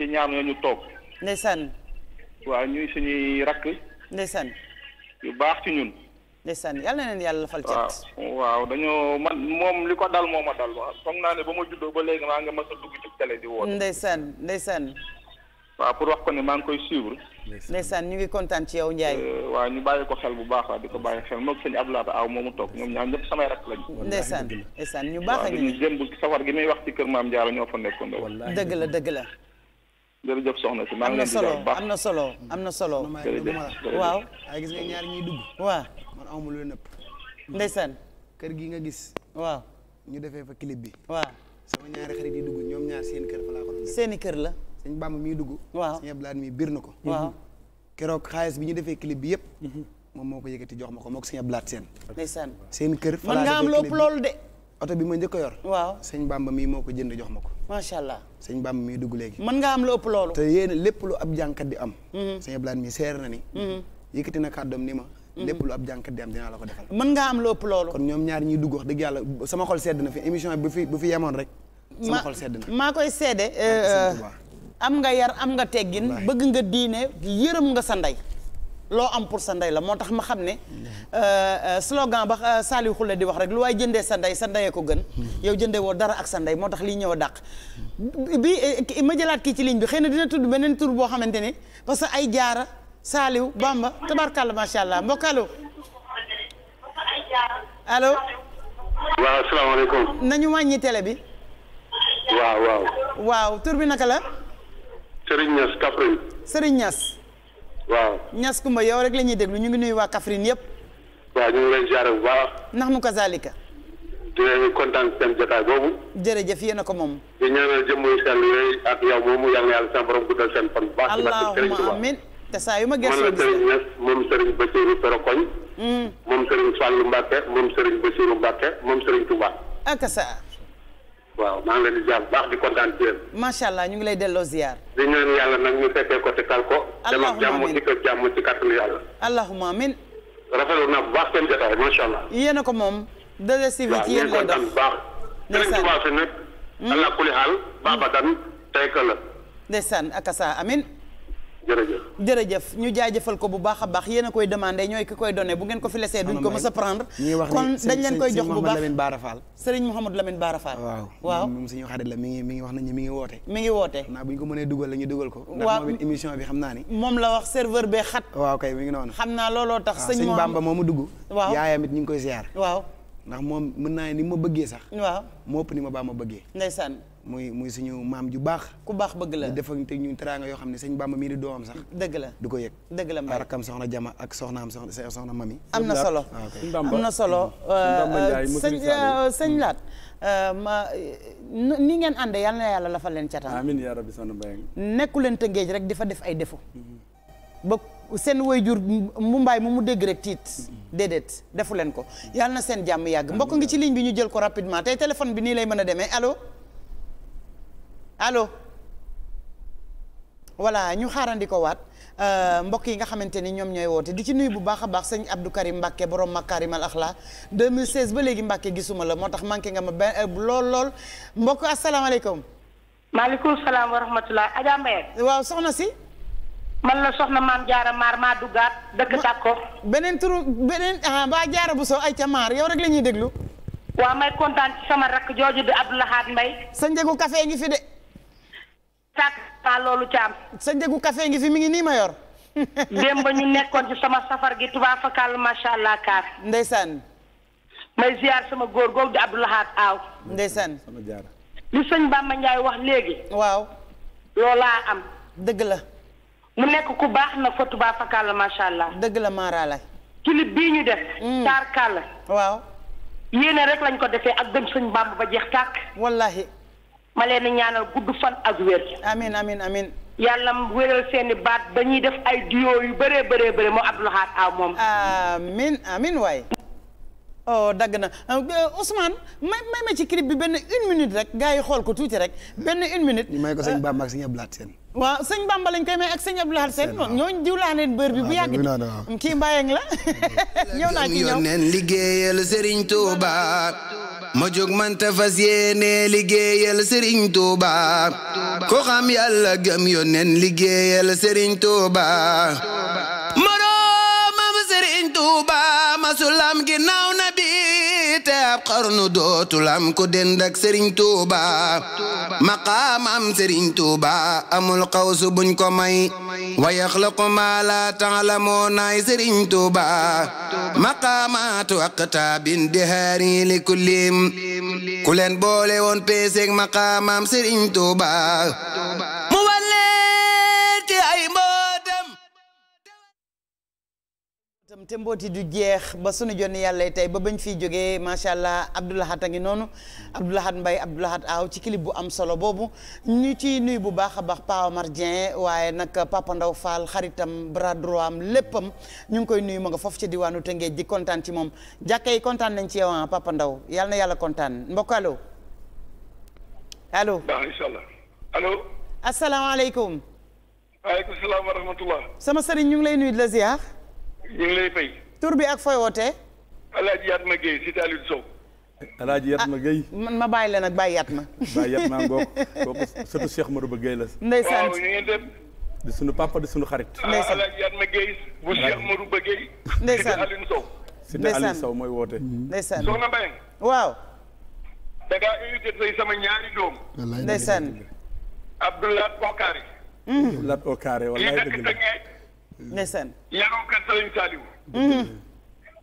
ci ñaar ñooñu toog. ndeysaan. waaw ñuy suñuy rakk. ndeysaan. yu baax ci ñun. ndeysaan yal na leen yàlla fal cat. waaw dañoo man moom li ko dal moo a dal waaw foog naa ne ba ma juddoo ba léegi maa nga mas a dugg ci télé di woote. ndeysaan ndeysaan. waaw pour wax ko ne maa ngi koy suivre. ndeysaan ñu ngi kontaan ci yow Ndiaye. Euh, waaw ñu bàyyi ko xel bu baax waaw di ko bàyyi xel moom sëñ Abdoulaye Aw moomu toog ñoom ñaar ñëpp samay rakk lañu. ndeysaan ndeysaan ñu baax a ngi. waaw ñu jëm safar wax ci kër maam Diarra ñoo fa nekkoon. jërëjëf soxna si maa ngi am na solo am na solo am na solo waaw ay gis nga ñaar ñuy dugg waa man awma lu nëpp ndeysaan kër gi nga gis waaw ñu defee fa clip bi waaw sama ñaari xarit yi dugg ñoom ñaar seen kër fa ko seeni kër la sëñ Bamba miy dugg waaw sëñ mii mi bir na ko waaw mhm. keroog xaalis bi ñu defee clip bi yëpp mhm. moom moo ko yëkkati jox ma ko moo ko sëñ seen ndeysaan seen kër fa laa mën nga am loolu de oto bi ma njëkk yor. waaw sëñ Bamba mii moo ko jënd jox ma ko. macha allah sëñ Bamba mii dugg léegi. mën nga am lu ëpp loolu. te yéen lépp lu ab jànkat di am. Mhm. sëñ Ablaye mii seer na ni. Mhm. yëkkati na kàddoom ni ma. Mhm. lépp lu ab jànkat di dinaa la ko defal. mën nga am lu ëpp loolu. kon ñoom ñaar ñuy dugg wax dëgg yàlla sama xol sedd na fi émission bi bu fi bu fi yemoon rek. sama xol sedd na maa koy seede. Euh, am nga yar am nga teggin. bëgg nga diine yërëm nga sa ndey loo am pour sa ndey la moo tax ma xam ne euh, euh, slogan ba euh, Saliou Khoule di wax rek lu waay jëndee sa ndey sa ndeyee ko gën yow jëndee woo dara ak sa ndey moo tax liy ñëw a dàq bi ma jëlaat kii ci ligne bi xëy na dina tudd beneen tur boo xamante ne parce que ay jaara Saliou Bamba tabarkàlla macha allah mbokk allo allo waaw asalaamaaleykum nañu wàññi télé bi waaw waaw tur bi naka la Serigne Niass Kaffrine Serigne Niass waaw ñas kumba yow rek la ñuy déglu ñu ngi nuyu waa Kaffrine yëpp. waaw ñu ngi leen ziare bu baax. ndax nu kazaalika. di leen kontaan seen jotaay boobu. jërëjëf yéen a ko moom. di ñaanal jëmm yu sell yooyu ak yow moomu yàlla na yàlla sa borom guddal seen fan. bu baax di baax di Serigne te saa yu ma gëstoo gis. man la Serigne Niass moom Serigne Bassirou Perokoñ. Hmm. moom Serigne Fallou Mbacke moom Serigne Bassirou Mbacke moom Serigne Touba. waaw maa ngi leen di ziar bu baax di kontaan ci yéen. macha allah ñu ngi lay delloo ziar. di ñaan yàlla na ñu fekkee ko te tal ko. allahumma amiin dem ak jàmm dikk ak jàmm ci kàttanu yàlla. allahumma amiin. rafetlu naa bu baax seen jotaay macha allah. yéen a ko moom. dëgg si ci yéen kontaan bu baax. ndeysaan beneen bi baax fi nag. Hmm? allah kulli xaal. baax ba daan amin jërëjëf jërëjëf ñu jaajëfal ko bu baax a baax yéen a koy demandé ñooy ki koy donné bu ngeen ko fi lesee duñ ko mës a prendre kon koy jox bu baax Lamine Bara Fall Serigne Mouhamadou Lamine Bara Fall waaw mi ngi mi ngi wax nañu mi ngi woote mi ngi woote naa bu ñu ko mënee dugal la ñu dugal ko waaw moom it émission bi xam naa ni moom la wax serveur bee xat waaw kay mi yaayam it ñu ngi koy ziar waaw ndax moom mën naa ni ma bëggee sax waaw moo ëpp ni ma baa ma bëggee ndeysaan muy muy suñu maam ju baax ku baax bëgg la defante ñun teraanga yoo xam ne sëñ Bamba mii di doomam sax dëgg la du ko yëg dëgg la mbay rakkam soxna jama ak soxnaam soxna soxna mami am na solo ah, am na solo sëñ euh, euh, euh, sëñ laat ma ni ngeen ànde yal yàlla la fa leen cataan amiin yaa rabbi soxna mbay nekku leen tëngeej rek di fa def ay défaut mm-hmm. ba seen waajur mu mbaay mu mu dégg rek tiit mm-hmm. déedéet defu leen ko yal na seen jàmm yàgg mbokk ngi ci ligne bi ñu jël ko rapidement tey téléphone bi nii lay mën a demee allo allo voilà ñu xaarandi ko waat euh, mbokk yi nga xamante ni ñoom ñooy woote di ci nuyu bu baax a baax sañ Abdou Karim Mbacke borom Makarim al Akhla 2016 ba léegi Mbacke gisuma la moo tax manqué nga ma benn euh, lool lool mbokk asalaamaaleykum. maaleykum salaam wa rahmatulah Adja Mbaye. waaw soxna si. man la soxna maam jaara maar maa duggaat dëkk Dako. beneen turu beneen ah jaara bu soo ay ca maar yow rek lañuy ñuy déglu. waaw may kontaan ci sama rakk jooju di Abdoulahat càkk saa loolu caam. sa njëgu café ngi fi mi ngi nii ma yor. démb ñu nekkoon ci sama safar gi tubaab fakal macha allah kaar. ndeysaan. may ziar sama góor googu di Abdoulahat Aw. ndeysaan. li sëñ Bamba Ndiaye wax léegi. waaw. loolaa am. dëgg la. mu nekk ku baax na fa tubaab fakal macha allah. dëgg la maaraala. clip bii ñu def. taar mm. kàll. waaw. yéene rek lañ ko defee ak dem sëñ Bamba ba jeex tàkk. wallahi ma leen di ñaanal gudd fan ak wér. amiin amiin amiin. yàlla mu wéral seeni baat ba ñuy def ay duo yu bëree bëree bëri moo Abdou Lahad Aw moom. amiin amiin waay. oh dagg na euh, euh, Ousmane may may ma ci clip bi benn une minute rek gars yi xool ko tuuti rek benn une minute. ñu may ko sëñ euh, Bamba ak sëñ Abdou Lahad Sène waaw sëñ Bamba lañ koy may ak sëñ Abdou Lahad Sène moom ñooñu bër bi bu yàgg kii Mbayang la ñëw naa ci ñëw neen liggéeyal Sëriñ Tuuba ma jóg man ta fas yéene liggéeyal Sëriñ Tuuba ko xam yàlla gëm yónneen liggéeyal Sëriñ Tuuba moroomam Sëriñ Tuuba masulam ginnaaw na ab xarnu dootul am ku dend ak Serigne Touba maqaam am Serigne Touba amul buñ ko may wa yaxlaqu ma la taalamuunaay Serigne Touba maqaamaatu aqtaabin dihaari li kullim ku boole woon peeseeg maqaam am Serigne te mbooti du jeex ba sunu jonn yàlla tey ba bañ fiy jógee macha allah Abdoulahat a ngi noonu Abdoulahat Mbaye Abdoulahat Aw ci clip bu am solo boobu ñu ci nuy bu baax a baax Pa Omar Dieng waaye nag Papa Ndaw Fall xaritam bras droit am léppam ñu ngi koy nuyu ma nga foofu ci diwaanu Tëngéej di kontaan ci moom jàkka yi kontaan nañ ci yow ah Papa Ndaw yàlla na yàlla kontaan mbokk allo allo. waaw incha allah sama sëriñ ñu ngi lay nuyu di la ñu ngi lay fay. tur bi ak fooy wootee. El Hadj ma Guèye si Aliou Sow. El Hadj Yatma ah, Guèye. man ma bàyyi la nag bàyyi Yatma. bàyyi Yatma ngoog kooku sëtu Cheikh Marouba Guèye la. ndeysaan waaw ñu ngi dem. di sunu papa di sunu xarit. Ah, ndeysaan El Hadj Yatma Sow. ndeysaan si Aliou Sow mooy woote. Mm-hmm. ndeysaan soxna Mbaye. waaw. da ngaa invité tey ndeysaan yaroo kër Sëriñ Saliou mhm.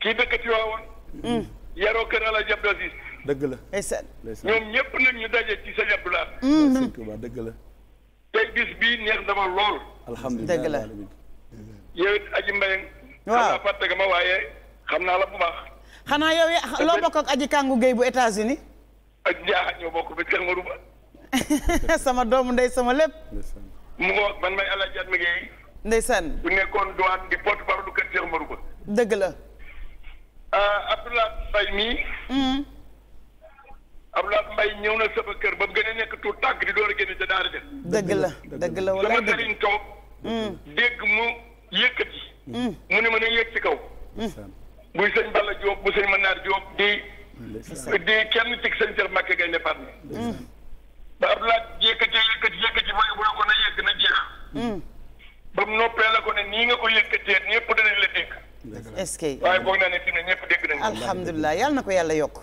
kii dëkk ci waawoon mhm. yaroo kër El Hadj Abdou Aziz dëgg la ndeysaan ñoom ñépp nag ñu daje ci Sëriñ Abdou Lahad mhm. Sëriñ dëgg la tey bis bii neex dama lool alhamdulilah dëgg la yow it aji waaw fàtte xam naa la bu baax xanaa yow loo bokk ak aji kàngu géey bu États-Unis ak jaaxa ñoo bokk ba kër Marouba sama doomu ndey sama lépp mu ngoog man may El Hadj Adma Gueye ndeysaan bu nekkoon douane di porte parole du kër Cheikh Marouba dëgg la ah, Abdoulaye Mbaye mii hmm. Abdoulaye Mbaye ñëw na sama kër ba mu gën a nekk tuut tàgg di door a génn ca daara ja dëgg la dëgg la wala sama sëriñ toog hmm. dégg mu yëkkati hmm. mu ne ma ne yëg ci kaw buy sëñ Balla Diop bu sëñ Manar Diop di di kenn ci sëñ Cheikh Mbacké Gaïndé Fatma ba Abdoulaye yëkkati yëkkati yëkkati mooy bu ne ko na yëgg na jeex ba mu noppee la ko ne nii nga ko yëkkatee ñëpp danañ la dégg. est waaye boog naa ne dina ñëpp dégg nañ. alhamdulilah yàlla na ko yàlla yokk.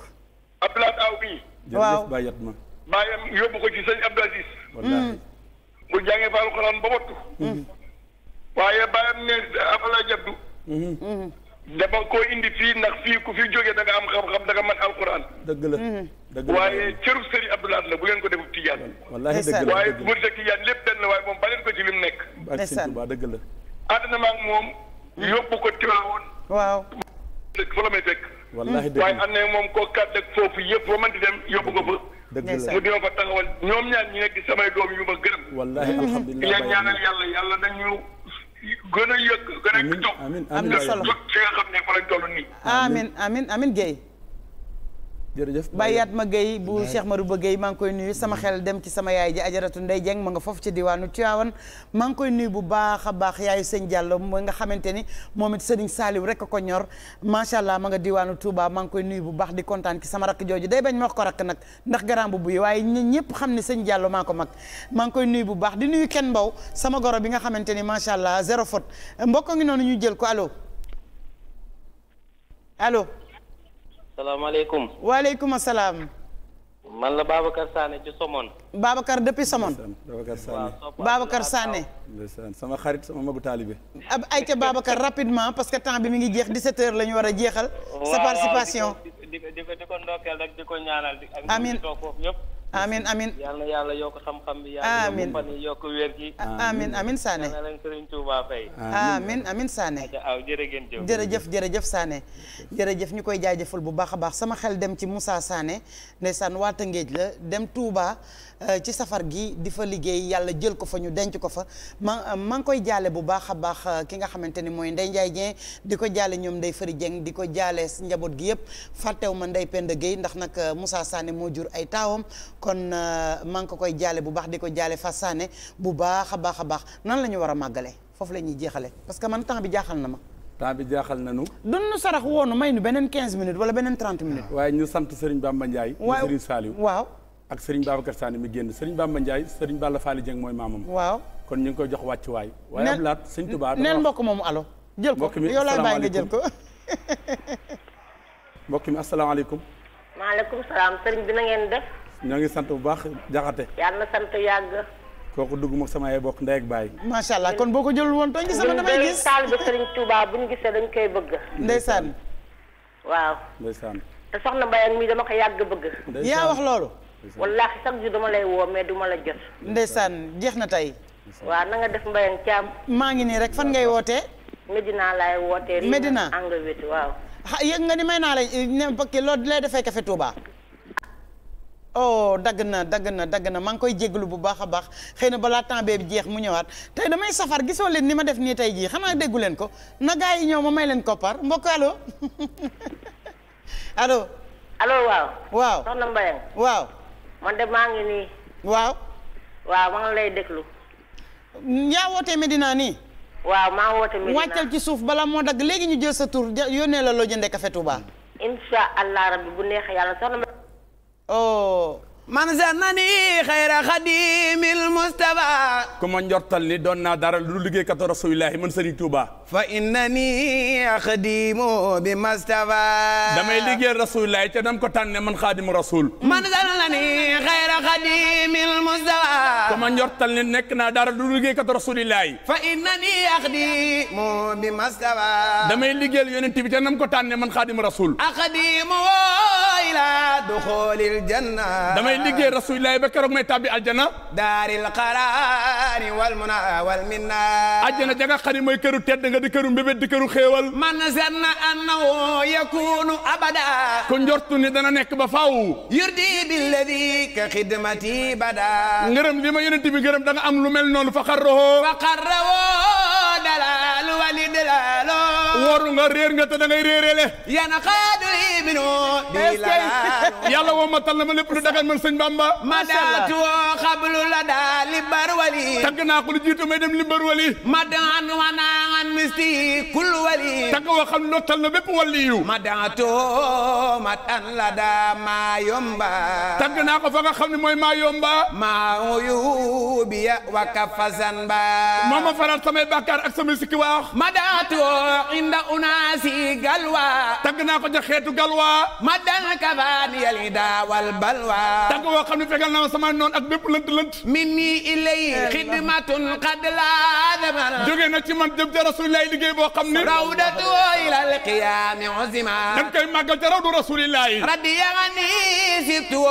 Abdoulaye Aw bii. waaw jërëjëf ma. bàyyam yóbbu ko ci sëñ Abdou Aziz. wallaahi. Mm. mu jàngee fa alxuraan ba wattu. Mm. waaye bàyyam ne afala jabdu. dama ko indi fii ndax fii ku fi jógee da nga am xam-xam danga man mën alquran. dëgg la mhm. dëgg la waaye cëru sëriñ Abdoulaye la bu leen ko defub tijaan. wallaahi dëgg la waaye Mouride tijaan lépp benn la waaye moom baleen ko ci lim nekk. ndeysaan waaw dëgg la. àdduna maag moom yóbbu ko Tiwaawoon. waaw. dëgg fa la may fekk. wallaahi dëgg la waaye am na moom koo kàddu ak foofu yëpp fa mënti dem yóbbu ko fa. dëgg la mu dima fa taxawal ñoom ñaar ñi nekk samay doom yu ma gërëm. wallaahi mhm. alhamdulilah ñaanal yàlla yàlla nañu gën a yëg gën a jóg. amiin amiin am na solo fi nga xam ne fa lañ toll nii. amiin amiin amiin Guèye. jërëjëf Bayat ma Guèye bu Cheikh Marouba Guèye maa ngi koy nuyu sama xel dem ci sama yaay ji ajaratu Ndey Jeng ma nga foofu ci diwaanu Tiwaawan maa ngi koy nuyu bu baax a baax yaayu sëñ Diallo mooy nga xamante ni moom it sëriñ Saaliw rek ko ñor macha allah ma nga diwaanu Touba maa ngi koy nuyu bu baax di kontaan ci sama rakk jooju day bañ ma ko rakk nag ndax garaam bu buy waaye ñun ñëpp xam ne sëñ Diallo maa ko mag maa ngi koy nuyu bu baax di nuyu kenn mbaw sama goro bi nga xamante ni macha allah zéro faute mbokkoo ngi noonu ñu jël ko allo salaamaaleykum. waaleykum asalaam. man la Babacar Sané ci Somone. Babacar depuis Somone. Babacar Sané Babacar Sané. sama xarit sama magu taalibe. ab ay ca Babacar rapidement parce que temps bi mi ngi jeex 17h la ñu war a jeexal. sa participation di ko di ko ndokkeel rek di ko ñaanal. amiin ak ñi toog ñëpp. amin amin yàlla yàlla yokk xam-xam bi yàlla amin fan yi yokk wér gi amin amin Sané yal na leen Serigne Touba fay jëf jërëjëf jërëjëf Sané jërëjëf ñu koy jaajëfal bu baax a baax sama xel dem ci Moussa Sané ndeysaan waa Tëngéej la dem Touba Euh, ci safar gi di fa liggéey yàlla jël ko fa ñu denc ko fa ma maa ngi koy jaale bu baax a baax euh, ki nga xamante ni mooy Ndeye Ndiaye Dieng di ko jaale ñoom day Fari Dieng di ko jaale njaboot gi yëpp fàttew ma Ndeye Penda Gueye ndax nag euh, musaa sànne moo jur ay taawam kon maa ngi ko koy jaale bu baax di ko jaale Fass Sané bu baax a baax a baax nan la ñu war a màggale foofu la ñuy jeexale parce que man temps bi jaaxal na ma temps na jaaxal nañu dunnu sarax woonu may nu beneen 15 minutes wala beneen 30 waaye ñu sant Serigne Bamba Ndiaye Serigne Saliou ak Serigne Babacar Sane mi génn Serigne Bamba Ndiaye Serigne Balla Fally Dieng mooy maamam. waaw kon ñu ngi koy jox wàccuwaay. waaye ab laat Serigne Touba. neen mbokk moomu alo jël ko yow laa bàyyi nga jël ko. mbokk mi asalaamaaleykum. maaleykum salaam Serigne bi na ngeen def. ñoo ngi sant bu baax jaxate. yàlla na sant yàgg. kooku dugg moom sama ay bokk ndey ak baay. macha allah kon boo ko jëlul woon tooñ gi sama damay gis taal ba Serigne Touba bu ñu gisee dañ koy bëgg. ndeysaan. waaw ndeysaan. te soxna Mbaye ak mii wallaahi chaque jour dama lay woo mais duma la jot. ndeysaan jeex na tey. waaw na nga def mbayang caam. maa ngi nii rek fan ngay wootee. Medina laay wootee. Medina anga weti waaw. xa yëg nga ni may naa la ne bakki loolu lay defee café Touba. oh dagg na dagg na dagg na maa ngi koy jéglu bu baax a baax xëy na balaa temps bee jeex mu ñëwaat tey damay safar gisoo leen ni ma def nii tey jii xanaa déggu leen ko na gaa yi ñëw ma may leen koppar mbokk allo allo. allo waaw. waaw soxna Mbayang man de maa ngi nii. waaw. waaw maa ngi lay déglu. yaa wootee Medina nii. waaw maa woote Medina wàccal ci suuf bala moo dagg léegi ñu jël sa tur yónnee la loo jëndee café Touba. incha allah rabbi bu neex yàlla soxna. oh. man sanani xayra xadimil Mustafa ku ma njortal ni doon naa dara lu liggéey katu rasulillahi man Sëriñ Tuuba fa innani axdimu bi Mustafa damay liggéeyal rasulillahi te dam ko tànne man xaadimu rasul man sanani xayra xadimil Mustafa ku ma njortal ni nekk naa dara lu liggéey katu rasulillahi fa innani axdimu bi Mustafa damay liggéeyal yonent bi te nam ko tànne man xaadimu rasul axdimu ila duxulil janna may liggéey rasulillahi ba keroog may tàbbi aljana daaril qaraari wal muna wal minna aljana ja nga xam ne mooy këru tedd nga di këru mbébét di këru xéewal man zanna annahu yakunu abada ku njortu ni dana nekk ba faaw yurdi billadi ka xidmati bada ngërëm li ma yonent bi ngërëm da nga am lu mel noonu fa xarraho fa xarraho dalal wali dalalo wóoru nga réer nga te da ngay réeréele yana xaadul imino di la yàlla woo ma tal na ma lépp lu dagan Bamba ma daatu xablu la daal li bar wali tagg naa ko lu jiitu may dem li bar wali ma daan wanaan misti kul wali tagg woo xam ma yomba tagg naa fa nga xam ne mooy yomba maa yu wa kafazan ba moo misiki waax madaatoo inda unaasi galwa tagg naa ko ja xeetu galwa madan kabaaniyal ida wal balwa tagg woo xam ne fegal naa ma sama noon ak bépp lënt lënt min nii ilay xidmatun qad laadamal jógee na ci man jëm ca rasulillahi liggéey boo xam ne rawdatu ilal qiyaami uzima dañ koy màggal ca rawdu rasulillahi radiyani sibtu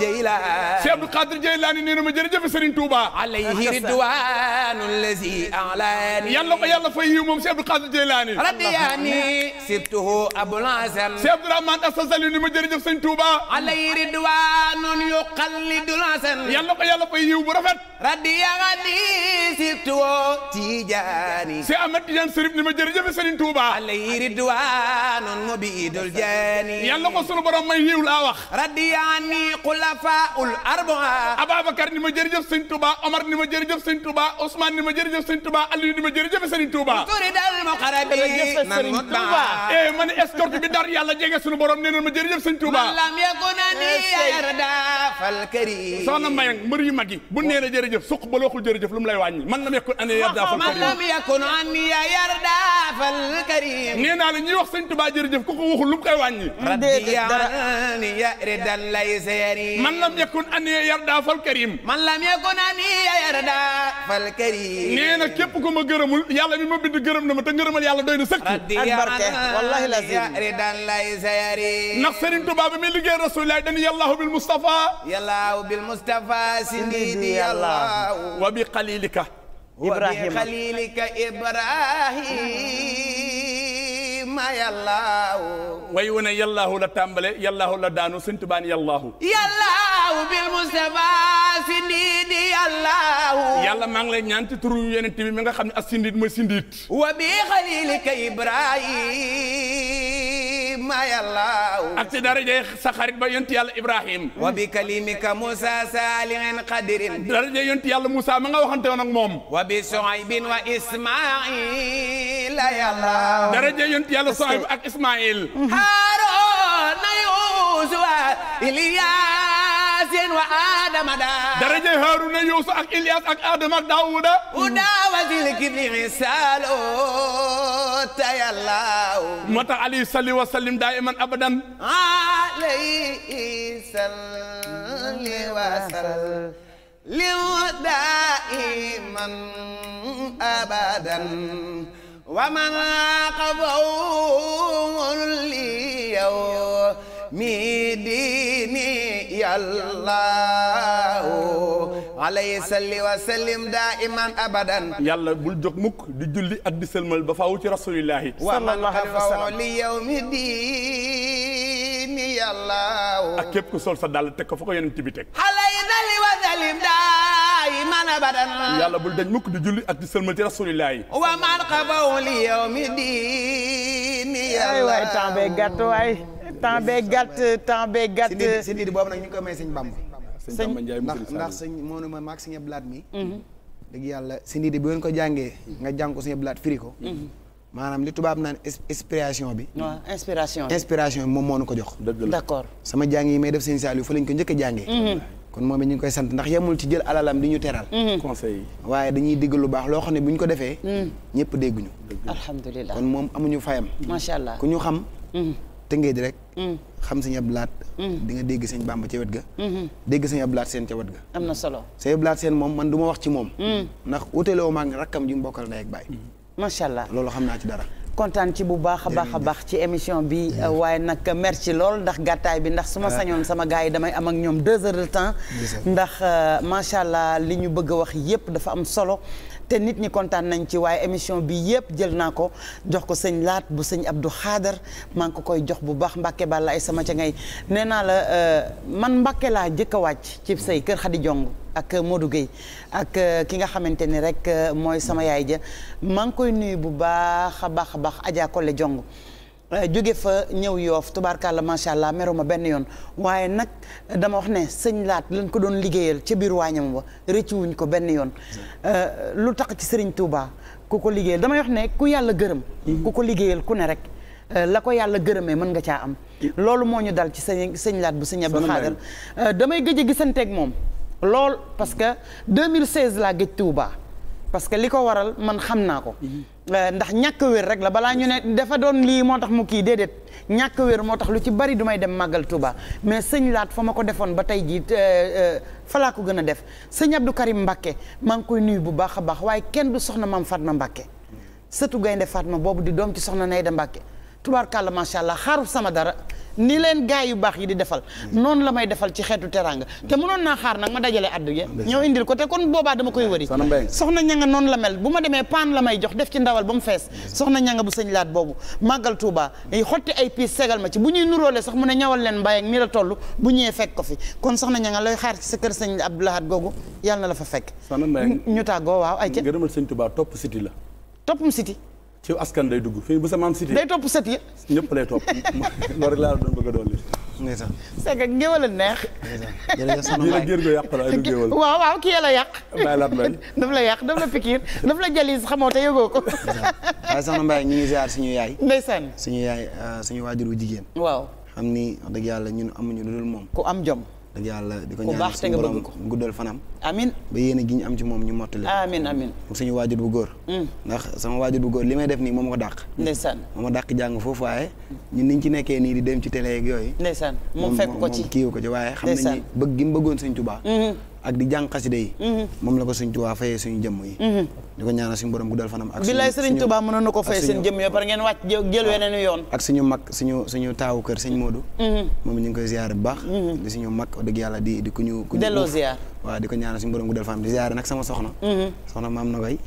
jayla Cheikh Abdou Qadir Jeylaani nee na ma jërëjëf Serigne Touba alayhi ridwaanu lazi alaani yàlla ko yàlla fay yiw moom Cheikh Abdou Khadir Jeylaani radiyani sibtuhu Abul Hasan Cheikh Abdourahmane Assasali ni ma jërëjëf sëñ Touba alay ridwanun yuqallidul hasan yàlla ko yàlla fay yiw bu rafet radiyani tijaani si Ahmed Tidiane Serif ni ma jërëjëf Serigne Touba alayhi ridwaanun mubiidul jaani yàlla ko sunu borom may yiw laa wax radiyaani xulafaaul arbaa Ababacar ni ma jërëjëf Serigne Touba Omar ni ma jërëjëf Serigne Touba Ousmane ni ma jërëjëf Serigne Touba Aliou ni ma jërëjëf Serigne Touba turidal muqarabi nan mutba eh man escorte bi dar yàlla jege sunu borom nee na ma jërëjëf Serigne Touba man lam yakunani eh, yarda fal karim soxna Mbayang mbër yu mag yi bu nee na jërëjëf suq ba looxul jërëjëf lu mu lay wàññi man lam yakun ani yarda fal karim man lam yakun anni yarda fal karim nee naa la ñuy wax sëñ Tuubaa jërëjëf ku ko waxul lu mu koy wàññi rabbi yaani yaridan laysa yari man lam yakun anni yarda fal karim man lam yakun anni yarda fal karim nee na képp ku ma gërëmul yàlla mi ma bind gërëm na ma te ngërëmal yàlla doy na sëkk barke wallahi lazim yaridan laysa yari ndax sëriñ Tuubaa bi mi liggéey rasulilah dañu yàllaahu bil mustafa yàllaahu bil mustafa sindi di yàllaahu wa bi qalilika ibrahima xalilika ibrahima yallaahu way wone yallaahu la tàmbale yallaahu la daanu sëñ tubaan yallaahu yallaahu yàlla maa ngi lay ñaan ci turu yeneen bi mi nga xam ne as sindiit mooy sindiit wa bi xalilika ibrahima yàlla ak ci darajay sa xarit ba yonti yàlla ibrahim wa bi kalimika musa salihin qadirin darajay yonti yàlla musa ma nga waxante woon ak moom wa bi sohaybin wa ismaila yàlla darajay yonti yàlla sohayb ak ismail haarona yuusufa iliya ilyasin wa adama daa daraje haruna yuusu ak ilyas ak adama daawuda uda wasil kibri saalo tayallaaw moo tax ali salli wa sallim daiman abadan alayhi salli wa sallim daiman abadan wa man qabaw li yow allahu alayhi salli wa sallim daiman abadan yàlla bul jóg mukk di julli ak di sëlmal ba faaw ci rasulillahi sallallahu alayhi wa sallam li yawmi diini yàlla ak képp ku sol sa dàll teg ko fa ko yonent bi teg alayhi salli wa sallim daiman abadan yàlla bul dañ mukk di julli ak di sëlmal ci rasulillahi wa man qabaw li yawmi diini yàlla waay temps bee gàtt waay temps bee gàtt temps bee gàtt. si nit boobu nag ñu ngi koy may sëñ Bamba. sëñ ndax ndax sëñ moo ne ma maag sëñ blaat mi. Mhm. dëgg yàlla si nit bi bu ngeen ko jàngee. nga jàng ko sëñ blaat firi ko. Mhm. maanaam li tubaab naan inspiration bi. waaw inspiration bi inspiration bi moom moo nu ko jox. dëgg d'accord sama jàng yi may def sëñ Saliou fa lañ ko njëkk a jàngee. Mhm. kon moom it ñu ngi koy sant ndax yemul ci jël alalam di ñu teral. conseil waaye dañuy digg lu baax loo xam ne bu ñu ko defee. ñëpp dégguñu. alhamdulilah kon moom amuñu fayam. macha allah ku ñu xam. tëngee di rek. Mm. xam sëñ Abdou Lahad. Mm. di nga dégg sëñ Bamba ca wet ga. Mm-hmm. dégg sëñ Abdou Lahad seen ca wet ga. am na solo sëñ Abdou seen moom man du ma wax ci moom. Mm. ndax uteeloo maa ngi rakkam ji mu bokkal ndey ak baay. Mm-hmm. macha allah loolu xam naa ci dara. kontaan ci bu baax a baax a baax ci émission bi euh, waaye nag merci lool ndax gàttaay bi ndax su ma ah. sañoon sama gars yi damay am ak ñoom deux heures de temps. ndax euh, macha allah li ñu bëgg a wax yépp dafa am solo. te nit ñi kontaan nañ ci waaye émission bi yëpp jël naa ko jox ko sëñ laat bu sëñ Abdou Xaadar maa ngi ko koy jox bu baax Mbàkke Balla ay sama ca ngay nee naa la euh, man Mbàkke laa jëkk a wàcc ci say kër Xadi Jong ak Modou ak euh, ki nga xamante ni rek euh, mooy sama yaay ja maa ngi koy nuyu bu baax a baax a baax Adja kole Jong Eh, jóge fa ñëw yoof tubaarkàlla macha allah meruma benn yoon waaye nag dama wax ne sëñ laat lañ ko doon liggéeyal ca biir waañam wa rëcc wuñ ko benn yoon eh, lu tax ci sëriñ Touba ku ko liggéeyal damay wax ne ku yàlla gërëm mhm. ku ko liggéeyal ku ne rek eh, la ko yàlla gërëmee mën nga caa am loolu moo ñu dal ci sëñ sëñ laat bu sëñ a Khadre damay gëj a gisanteeg moom lool parce que 2016 laa gëj Touba parce que li ko waral man xam naa ko mhm. Euh, ndax ñàkk wér rek la balaa ñu ne dafa doon lii moo tax mu kii déedéet ñàkk wér moo tax lu ci bari du may dem màggal Touba mais sëñ laat fa ma ko defoon ba tey jii euh, euh, falaa ko gën a def sëñ Abdou Karim Mbakke maa ngi koy nuyu bu baax a baax waaye kenn du soxna maam Fatma Mbakke sëtu gaynde Fatma boobu di doom ci soxna Nayda Mbakke tubaarkàlla macha allah xaarul sama dara. ni leen gars yu baax yi di defal noonu la may defal ci xeetu teraanga te mënoon naa xaar nag ma dajale addu ya ñëw indil ko te kon boobaa dama koy wëri soxna ñanga noonu la mel bu ma demee paan la may jox def ci ndawal ba mu fees soxna ñanga bu sëñ laat boobu màggal Touba xotti ay piis segal ma ci bu ñuy nuróole sax mu ne ñawal leen mbay ak mi la toll bu ñëwee fekk ko fi kon soxna ñanga lay xaar ci sa kër sëñ Abdou Lahad googu yàlla na la fa fekk ñu tàggoo waaw ay ca nga demal sëñ Touba topp siti la toppum siti ci askan day dugg fii bu sa maam cité. day topp set yi. ñëpp lay topp loolu rek laa doon bëgg a dolli. ndeysaan c'est que géwél a neex. jërëjëf soxna la géer yàq la daf la yàq daf la pikiir daf la jalis xamoo te suñu yaay. ndeysaan suñu yaay euh, suñu waajur wu jigéen. waaw xam ni wax dëgg yàlla ñun amuñu lu dul moom. ku am jom. ak yàlla di ko ñaanal suñu borom guddal fanam amin ba yéen a gi ñu am ci moom ñu mottali amin amin suñu waajur bu góor mm. ndax sama waajur bu góor li may def nii moom ko dàq moom a dàq jàng foofu waaye ñun niñ ci nekkee nii di dem ci télé yeeg yooyu ndeysaan moom fekk ko ci kiiw ko ci waaye xam nañu bëgg gi mu bëggoon Sëñ Tuubaa mm-hmm. ak di jàng xasida yi mhm. moom la ko suñ tubaa fayee suñu jëmm yi mhm. di ko ñaanal suñu borom guddal fanam ak bilaay sëriñ tubaa mënoon na ko fayee seen jëmm yi par ngeen wàcc jël weneen yoon ak suñu mag suñu suñu taawu kër sëñ Modou mhm. moom ñu koy ziar bu baax di suñu mag di ku ñu ku delloo ziar waaw di ko ñaanal suñu borom guddal fanam di ziar nag sama soxna soxna maam na koy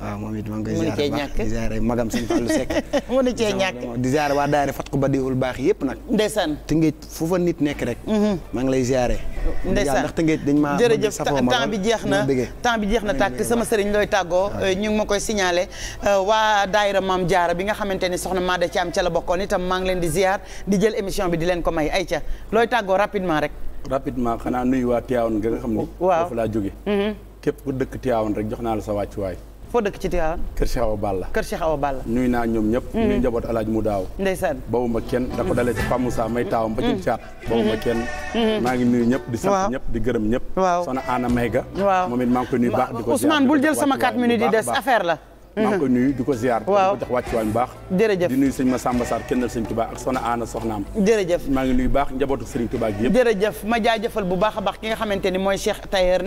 waaw ah, moom it maa ngi koy ziare baax di ziare magam sëñ Fallou Seck mënu cee ñàkk di ziare waa daayira fat ko ba diwul baax yëpp nag ndeysaan te ngéej fu fa mhm. na temps na ah. euh, ma koy signalé euh, waa daayira maam jaara bi nga xamante ni soxna Maada Thiam ca la bokkoon itam maa ngi leen di ziar di jël émission bi di leen ko may ay ca looy tàggoo rapidement rek rapidement xanaa mhm. jox naa la sa wàccuwaay foo dëkk ci Tivaouane kër Cheikh Awa Balla kër Cheikh Awa Balla nuy naa ñoom ñëpp mm-hmm. nuy njaboot alaaj mu daaw ndeysaan bawuma kenn da ko dalee ci Pa Moussa may taawam ba ci caat mm-hmm. bawuma mm-hmm. kenn maa ngi nuyu ñëpp di sant ñëpp di gërëm ñëpp waaw soxna Anna Mayga waaw moom it maa ngi koy nuyu baax di ko Ousmane bul jël sama 4 minutes yi des affaire la maa ngi koy nuyu di ko ba waaw jox wàccuwaay bu baax jërëjëf di nuyu sëñ Massamba Sarr kennal sëñ Touba ak soxna Ana soxnaam jërëjëf maa ngi nuyu baax njabootu sëriñ Touba gi yëpp jërëjëf a baax ki nga xamante ni mooy Cheikh Tailleur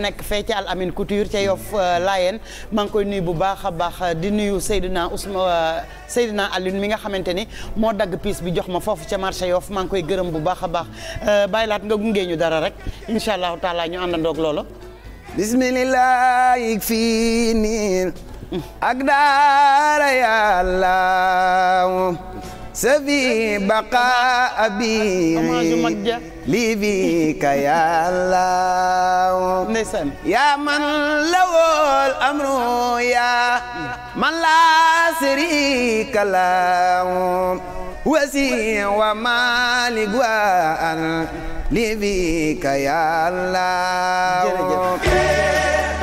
euh, koy nuyu bu baax a baax euh, di nuyu Seydina Ousmane euh, Seydina Alioune mi nga xamante ni moo dagg piis bi jox ma foofu ca marché Yoff maa ngi koy gërëm bu baax a baax bàyyi laat nga gungee ñu dara rek incha allahu taala ñu àndandoog loolu bismillah ak daara yàllaaw safi baqaa abi lii bi ka yàllaaw yaa man lawol amru yaa man laa sharika lahu wasi wa maalik wa an lii bi ka yàllaaw